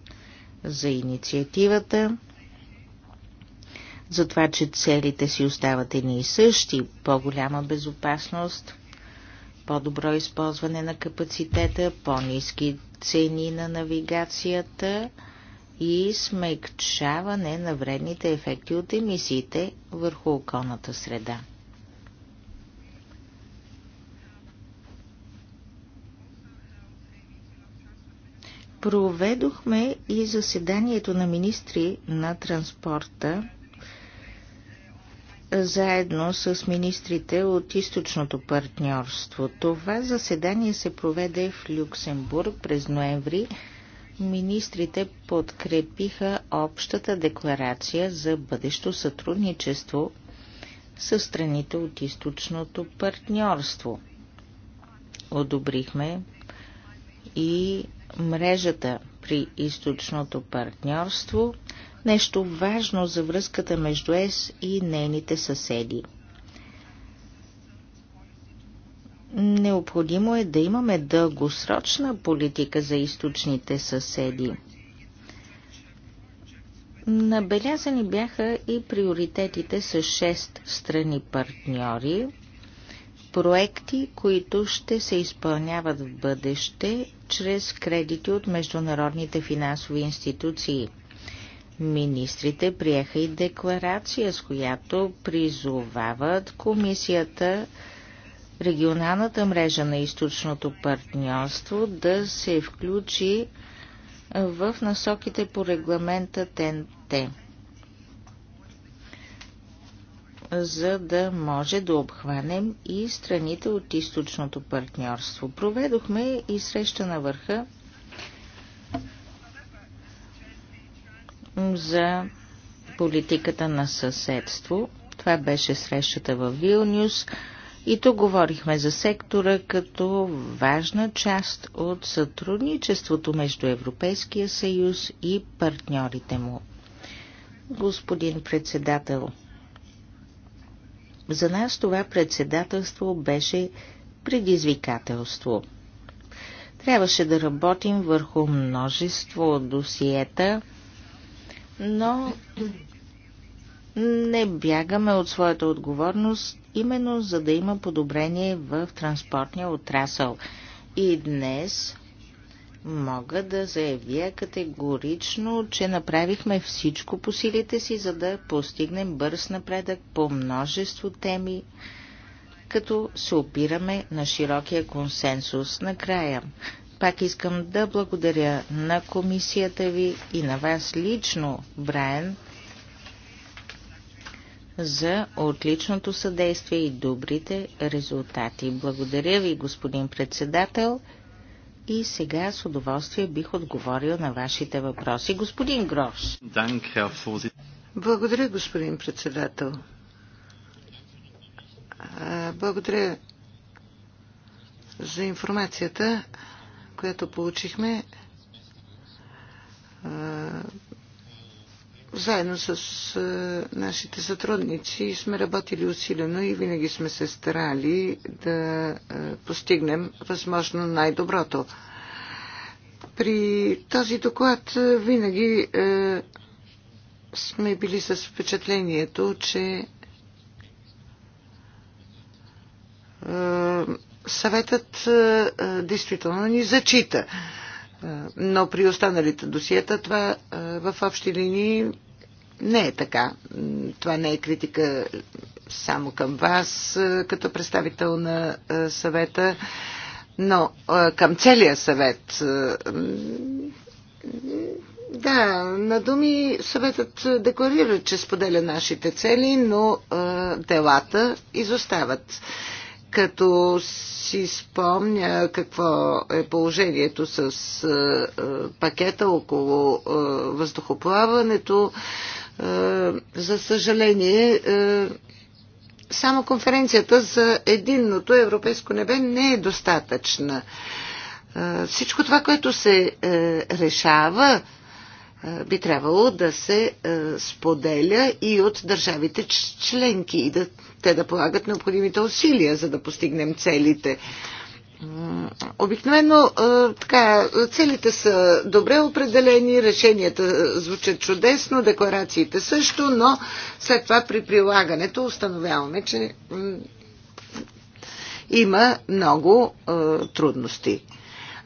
Speaker 3: за инициативата, за това, че целите си остават едни и същи, по-голяма безопасност, по-добро използване на капацитета, по-низки цени на навигацията – и смекчаване на вредните ефекти от емисиите върху околната среда. Проведохме и заседанието на министри на транспорта заедно с министрите от източното партньорство. Това заседание се проведе в Люксембург през ноември министрите подкрепиха общата декларация за бъдещо сътрудничество с страните от източното партньорство. Одобрихме и мрежата при източното партньорство, нещо важно за връзката между ЕС и нейните съседи – Необходимо е да имаме дългосрочна политика за източните съседи. Набелязани бяха и приоритетите с 6 страни партньори, проекти, които ще се изпълняват в бъдеще чрез кредити от международните финансови институции. Министрите приеха и декларация, с която призовават комисията регионалната мрежа на източното партньорство да се включи в насоките по регламента ТНТ, за да може да обхванем и страните от източното партньорство. Проведохме и среща на върха за политиката на съседство. Това беше срещата в Вилнюс. И тук говорихме за сектора като важна част от сътрудничеството между Европейския съюз и партньорите му. Господин председател, за нас това председателство беше предизвикателство. Трябваше да работим върху множество досиета, но не бягаме от своята отговорност именно за да има подобрение в транспортния отрасъл. И днес мога да заявя категорично, че направихме всичко по силите си, за да постигнем бърз напредък по множество теми, като се опираме на широкия консенсус. Накрая, пак искам да благодаря на комисията ви и на вас лично, Брайан, за отличното съдействие и добрите резултати. Благодаря ви, господин председател. И сега с удоволствие бих отговорил на вашите въпроси. Господин Грош. Благодаря, господин председател.
Speaker 4: Благодаря за информацията, която получихме заедно с е, нашите сътрудници сме работили усилено и винаги сме се старали да е, постигнем възможно най-доброто. При този доклад е, винаги сме били с впечатлението, че съветът действително ни зачита е, но при останалите досиета това е, в общи линии не е така. Това не е критика само към вас е, като представител на съвета, но към целия съвет. Да, на думи съветът декларира, че споделя нашите цели, но делата изостават като си спомня какво е положението с е, е, пакета около е, въздухоплаването, за съжаление, само конференцията за единното европейско небе не е достатъчна. Всичко това, което се решава би трябвало да се е, споделя и от държавите членки и да, те да полагат необходимите усилия, за да постигнем целите. Обикновено е, така, целите са добре определени, решенията звучат чудесно, декларациите също, но след това при прилагането установяваме, че има много е, трудности.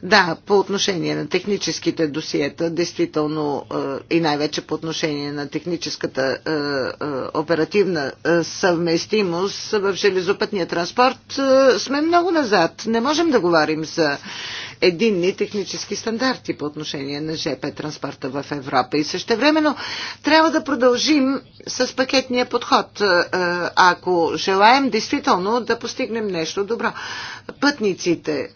Speaker 4: Да, по отношение на техническите досиета, действително е, и най-вече по отношение на техническата е, е, оперативна съвместимост в железопътния транспорт сме много назад. Не можем да говорим за единни технически стандарти по отношение на ЖП транспорта в Европа. И също времено трябва да продължим с пакетния подход, е, е, ако желаем действително да постигнем нещо добро. Пътниците е,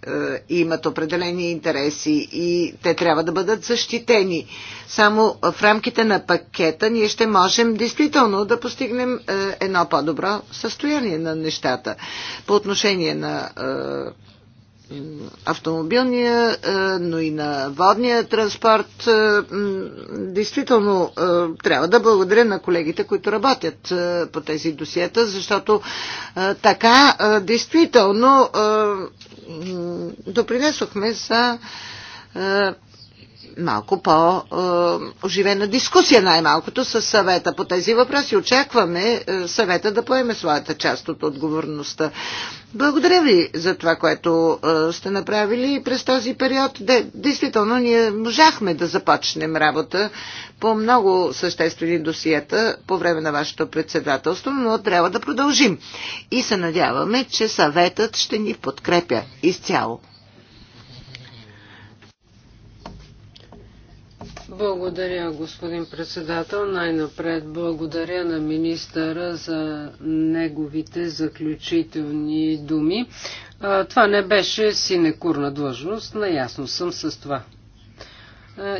Speaker 4: имат определени интереси и те трябва да бъдат защитени. Само в рамките на пакета ние ще можем действително да постигнем едно по-добро състояние на нещата. По отношение на автомобилния, е, но и на водния транспорт. Е, действително е, трябва да благодаря на колегите, които работят по тези досиета, защото така действително допринесохме за малко по-оживена дискусия, най-малкото с съвета по тези въпроси. Очакваме е, съвета да поеме своята част от отговорността. Благодаря ви за това, което е, сте направили през този период. Де, действително, ние можахме да започнем работа по много съществени досиета по време на вашето председателство, но трябва да продължим. И се надяваме, че съветът ще ни подкрепя изцяло.
Speaker 2: Благодаря, господин председател. Най-напред благодаря на министъра за неговите заключителни думи. Това не беше синекурна длъжност, наясно съм с това.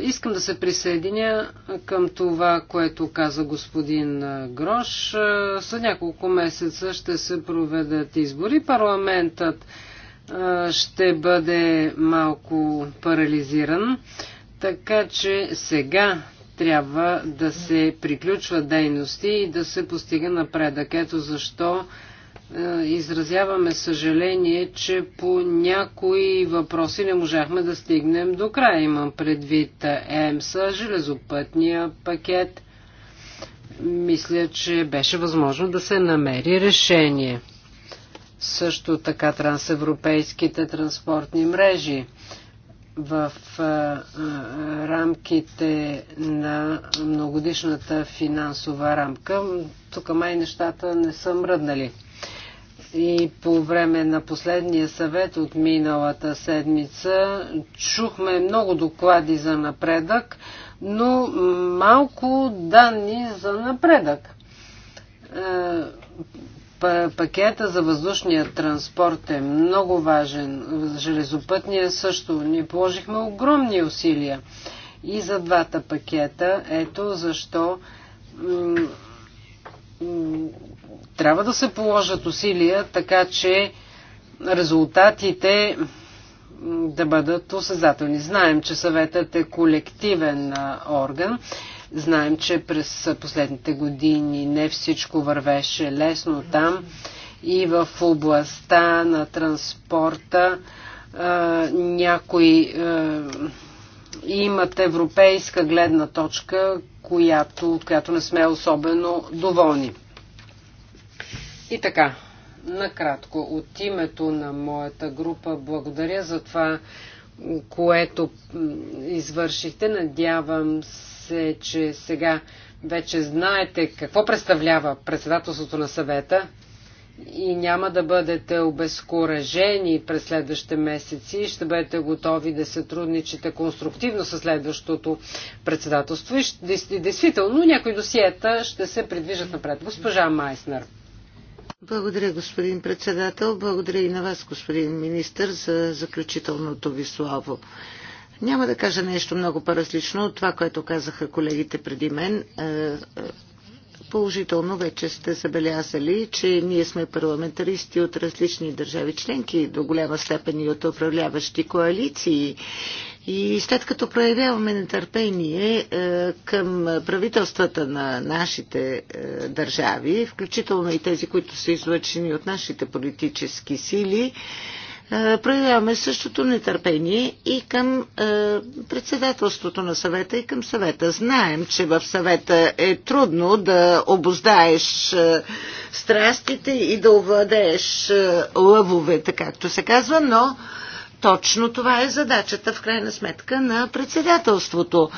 Speaker 2: Искам да се присъединя към това, което каза господин Грош. След няколко месеца ще се проведат избори. Парламентът ще бъде малко парализиран така че сега трябва да се приключват дейности и да се постига напредък. Ето защо е, изразяваме съжаление, че по някои въпроси не можахме да стигнем до края. Имам предвид е, ЕМСА, железопътния пакет. Мисля, че беше възможно да се намери решение. Също така трансевропейските транспортни мрежи в рамките на многодишната финансова рамка. Тук май нещата не са мръднали. И по време на последния съвет от миналата седмица чухме много доклади за напредък, но малко данни за напредък Пакета за въздушния транспорт е много важен. Железопътния също. Ние положихме огромни усилия и за двата пакета. Ето защо трябва да се положат усилия, така че резултатите да бъдат осезателни. Знаем, че съветът е колективен орган Знаем, че през последните години не всичко вървеше лесно там и в областта на транспорта някои имат европейска гледна точка, която, от която не сме особено доволни. И така, накратко, от името на моята група благодаря за това, което извършихте. Надявам се, че сега вече знаете какво представлява председателството на съвета и няма да бъдете обезкуражени през следващите месеци и ще бъдете готови да се трудничите конструктивно със следващото председателство и действително някои досиета ще се придвижат напред. Госпожа Майснер.
Speaker 4: Благодаря, господин председател. Благодаря и на вас, господин министр, за заключителното ви слово. Няма да кажа нещо много по-различно от това, което казаха колегите преди мен. Е, е, положително вече сте забелязали, че ние сме парламентаристи от различни държави членки, до голяма степен и от управляващи коалиции. И след като проявяваме нетърпение е, към правителствата на нашите е, държави, включително и тези, които са излъчени от нашите политически сили, е, проявяваме същото нетърпение и към председателството на съвета и към съвета. Знаем, че в съвета е трудно да обоздаеш страстите и да овладееш лъвовете, както се казва, но точно това е задачата, в крайна сметка, на председателството.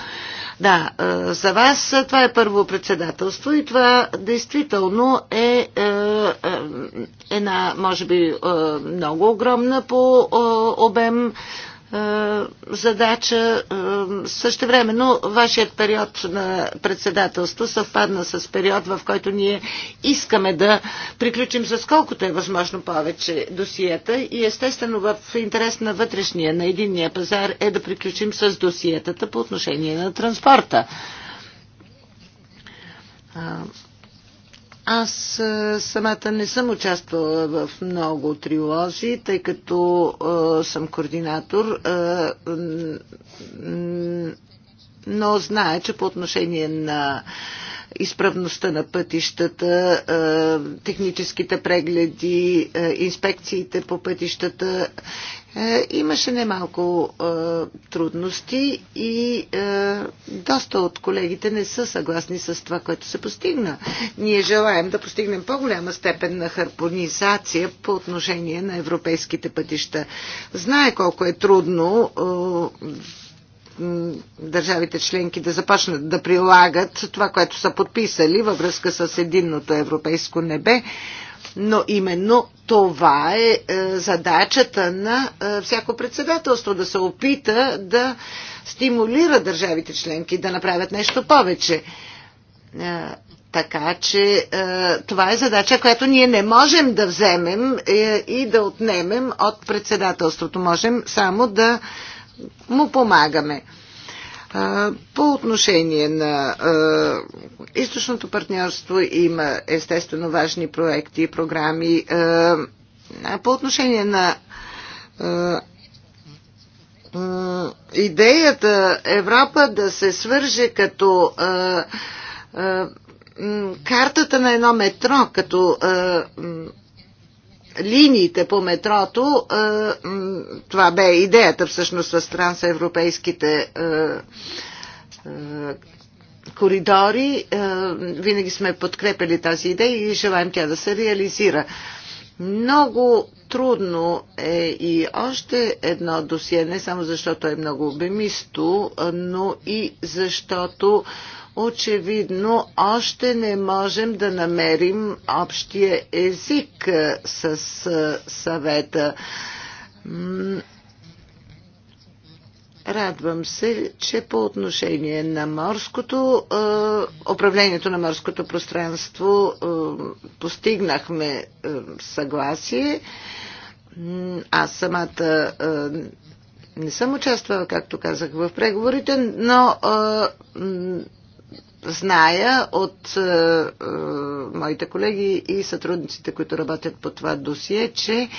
Speaker 4: Да, е, за вас това е първо председателство и това действително е, е, е една, може би, много огромна по обем е, задача. Е, Също време, но вашият период на председателство съвпадна с период, в който ние искаме да приключим с колкото е възможно повече досиета и естествено в интерес на вътрешния, на единния пазар е да приключим с досиетата по отношение на транспорта. Аз е, самата не съм участвала в много триолози, тъй като а, е, съм координатор, а, е, но знае, че по отношение на изправността на пътищата, техническите прегледи, инспекциите по пътищата е, имаше немалко е, трудности и е, доста от колегите не са съгласни с това, което се постигна. Ние желаем да постигнем по-голяма степен на харпонизация по отношение на европейските пътища. Знае колко е трудно е, държавите членки да започнат да прилагат това, което са подписали във връзка с единното европейско небе. Но именно това е, е задачата на е, всяко председателство да се опита да стимулира държавите членки да направят нещо повече. Е, така че това е задача, която ние не можем да вземем и да отнемем от председателството. Можем само да му помагаме. По отношение на източното партньорство има естествено важни проекти и програми. По отношение на идеята Европа да се свърже като картата на едно метро, като линиите по метрото, това бе идеята всъщност с трансевропейските коридори, винаги сме подкрепили тази идея и желаем тя да се реализира. Много трудно е и още едно досие, не само защото е много обемисто, но и защото е, очевидно още не можем да намерим общия език с съвета. Радвам се, че по отношение на морското, управлението на морското пространство постигнахме съгласие. Аз самата не съм участвала, както казах, в преговорите, но зная от е, е, моите колеги и сътрудниците, които работят по това досие, че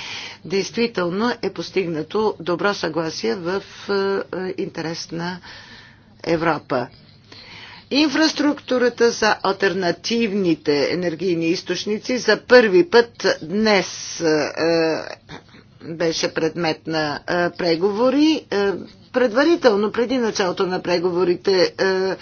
Speaker 4: действително е постигнато добро съгласие в е, е интерес на Европа. Инфраструктурата за альтернативните енергийни източници за първи път днес е, е беше предмет на е, преговори. Е, предварително, преди началото на преговорите, е,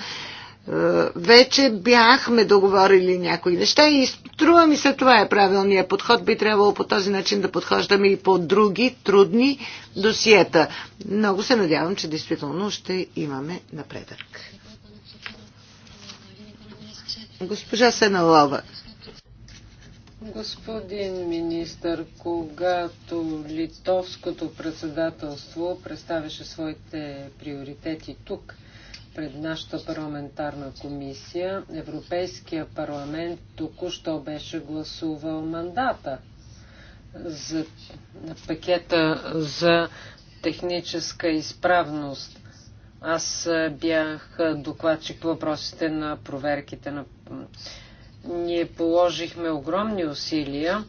Speaker 4: е, вече бяхме договорили някои неща и струва ми се това е правилният подход. Би трябвало по този начин да подхождаме и по други трудни досиета. Много се надявам, че действително ще имаме напредък. Госпожа Сеналова.
Speaker 2: Господин министр, когато литовското председателство представяше своите приоритети тук, пред нашата парламентарна комисия. Европейския парламент току-що беше гласувал мандата за пакета за техническа изправност. Аз бях докладчик по въпросите на проверките на. Ние положихме огромни усилия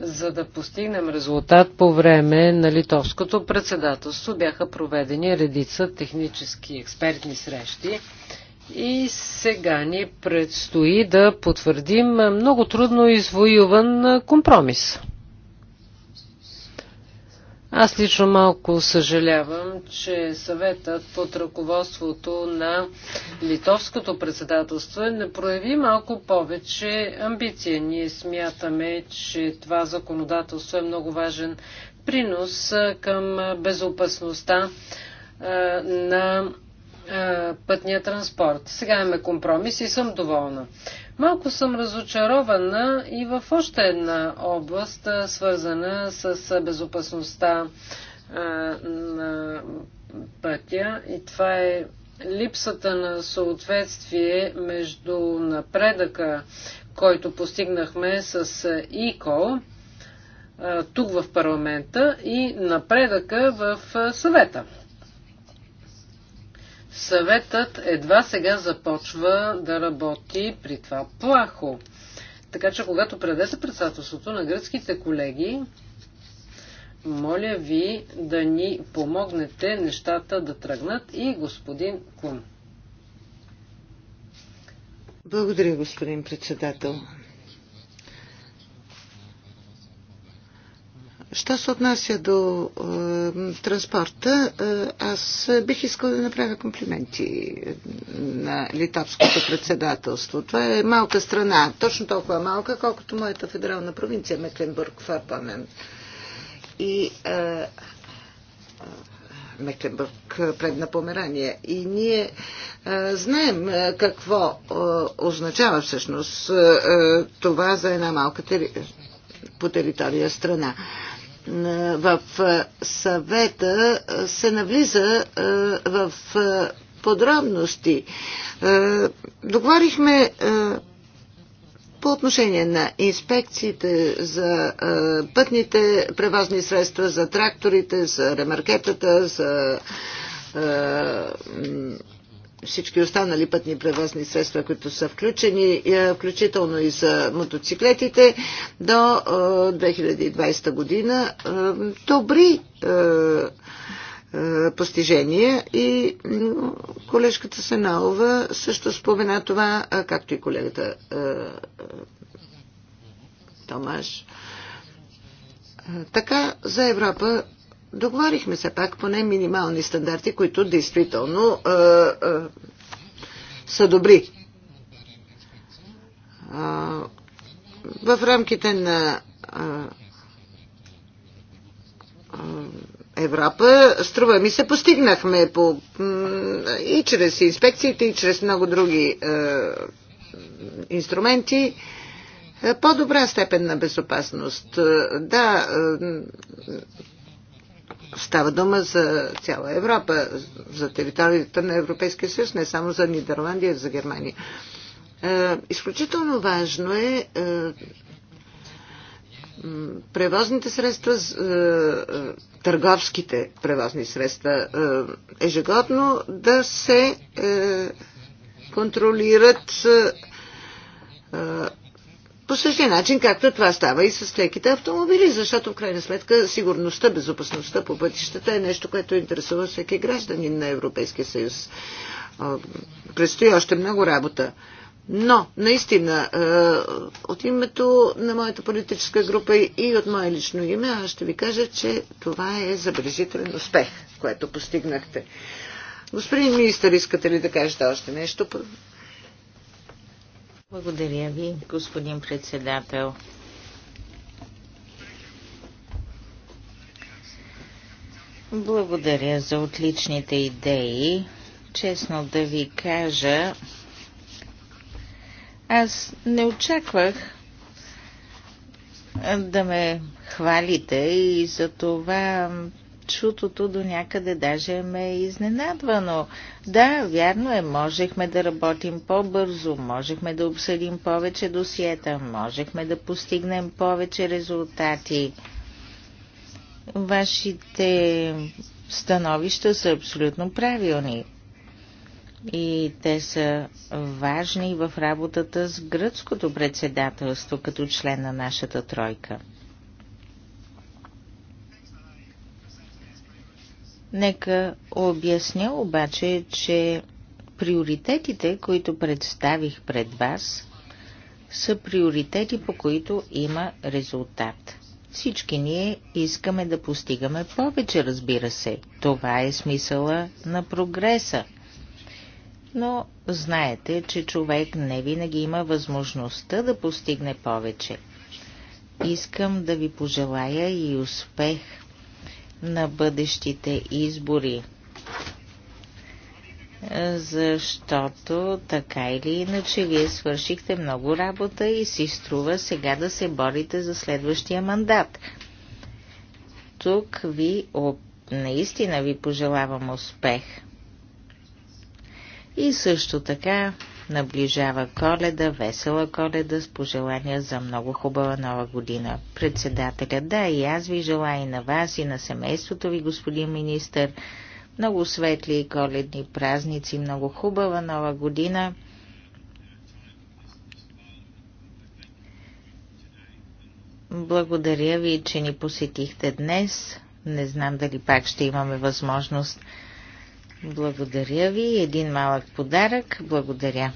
Speaker 2: за да постигнем резултат по време на литовското председателство бяха проведени редица технически експертни срещи и сега ни предстои да потвърдим много трудно извоюван компромис. Аз лично малко съжалявам, че съветът под ръководството на литовското председателство не прояви малко повече амбиция. Ние смятаме, че това законодателство е много важен принос към безопасността на пътния транспорт. Сега имаме компромис и съм доволна. Малко съм разочарована и в още една област, свързана с безопасността на пътя и това е липсата на съответствие между напредъка, който постигнахме с ИКО тук в парламента и напредъка в съвета. Съветът едва сега започва да работи при това плахо. Така че, когато предесе председателството на гръцките колеги, моля ви да ни помогнете нещата да тръгнат и господин
Speaker 4: Кун. Благодаря, господин председател. Що се отнася до е, транспорта, е, аз бих искал да направя комплименти на литовското председателство. Това е малка страна, точно толкова малка, колкото моята федерална провинция Мекленбург-Фарпанен. И е, е, Мекленбург предна Померания. И ние е, знаем е, какво е, означава всъщност е, е, това за една малка тери... по територия страна в съвета се навлиза в подробности. Договорихме по отношение на инспекциите за пътните превозни средства, за тракторите, за ремаркетата, за всички останали пътни превозни средства, които са включени, е, включително и за мотоциклетите, до 2020 е, година. Е, добри постижения и колежката Сеналова също спомена това, както и колегата Томаш. Така за Европа договорихме се пак поне минимални стандарти, които действително а, е, а, е, са добри. А, е, в рамките на а, а, Европа, струва ми се, постигнахме по, и чрез инспекциите, и чрез много други е, инструменти по-добра степен на безопасност. Да, Става дума за цяла Европа, за територията на Европейския съюз, не само за Нидерландия, за Германия. Е, изключително важно е, е превозните средства, е, търговските превозни средства ежегодно да се контролират по същия начин, както това става и с леките автомобили, защото в крайна сметка сигурността, безопасността по пътищата е нещо, което интересува всеки гражданин на Европейския съюз. Предстои още много работа. Но, наистина, от името на моята политическа група и от мое лично име, аз ще ви кажа, че това е забележителен успех, което постигнахте. Господин министър, искате ли да кажете още нещо?
Speaker 3: Благодаря ви, господин председател. Благодаря за отличните идеи. Честно да ви кажа, аз не очаквах да ме хвалите и за това чутото до някъде даже ме е изненадвано. Да, вярно е, можехме да работим по-бързо, можехме да обсъдим повече досиета, можехме да постигнем повече резултати. Вашите становища са абсолютно правилни. И те са важни в работата с гръцкото председателство като член на нашата тройка. Нека обясня обаче, че приоритетите, които представих пред вас, са приоритети, по които има резултат. Всички ние искаме да постигаме повече, разбира се. Това е смисъла на прогреса. Но знаете, че човек не винаги има възможността да постигне повече. Искам да ви пожелая и успех – на бъдещите избори. Защото така или иначе вие свършихте много работа и си струва сега да се борите за следващия мандат. Тук ви наистина ви пожелавам успех. И също така Наближава коледа, весела коледа с пожелания за много хубава нова година. Председателя, да, и аз ви желая и на вас, и на семейството ви, господин министър. Много светли и коледни празници, много хубава нова година. Благодаря ви, че ни посетихте днес. Не знам дали пак ще имаме възможност благодаря ви. Един малък подарък. Благодаря.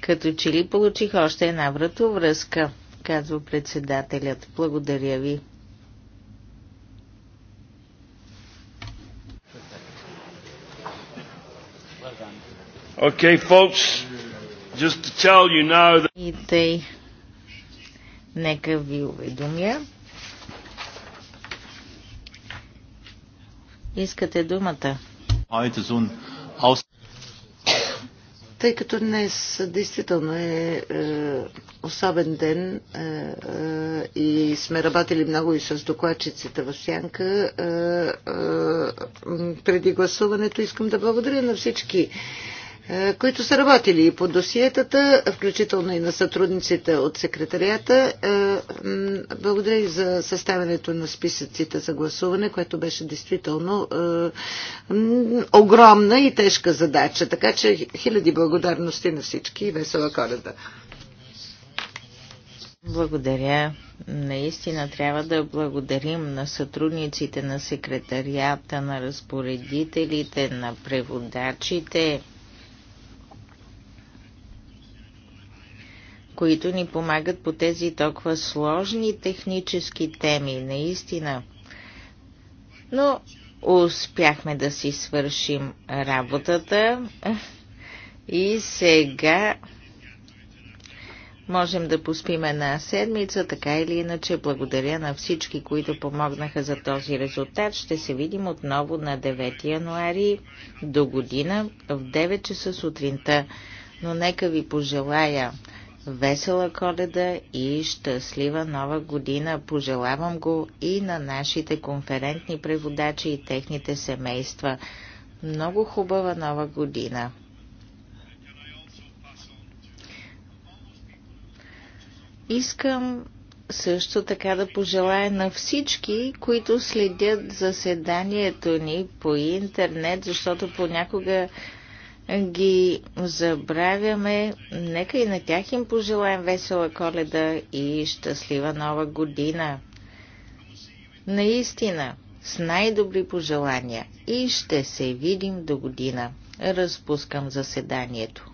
Speaker 3: Като че ли получих още една вратовръзка, казва председателят. Благодаря ви.
Speaker 1: Okay, folks, just to tell you now that... И тъй, нека ви уведомя,
Speaker 3: Искате думата?
Speaker 4: Тъй като днес действително е, е особен ден е, е, и сме работили много и с докладчиците в Сянка, е, е, преди гласуването искам да благодаря на всички е, които са работили и по досиетата, включително и на сътрудниците от секретарията. Е, благодаря и за съставянето на списъците за гласуване, което беше действително е, огромна и тежка задача. Така че хиляди благодарности на всички и весела коледа.
Speaker 3: Благодаря. Наистина трябва да благодарим на сътрудниците на секретарията, на разпоредителите, на преводачите които ни помагат по тези толкова сложни технически теми, наистина. Но успяхме да си свършим работата и сега можем да поспим една седмица, така или иначе. Благодаря на всички, които помогнаха за този резултат. Ще се видим отново на 9 януари до година в 9 часа сутринта. Но нека ви пожелая Весела коледа и щастлива нова година! Пожелавам го и на нашите конферентни преводачи и техните семейства. Много хубава нова година! Искам също така да пожелая на всички, които следят заседанието ни по интернет, защото понякога ги забравяме. Нека и на тях им пожелаем весела коледа и щастлива нова година. Наистина, с най-добри пожелания и ще се видим до година. Разпускам
Speaker 1: заседанието.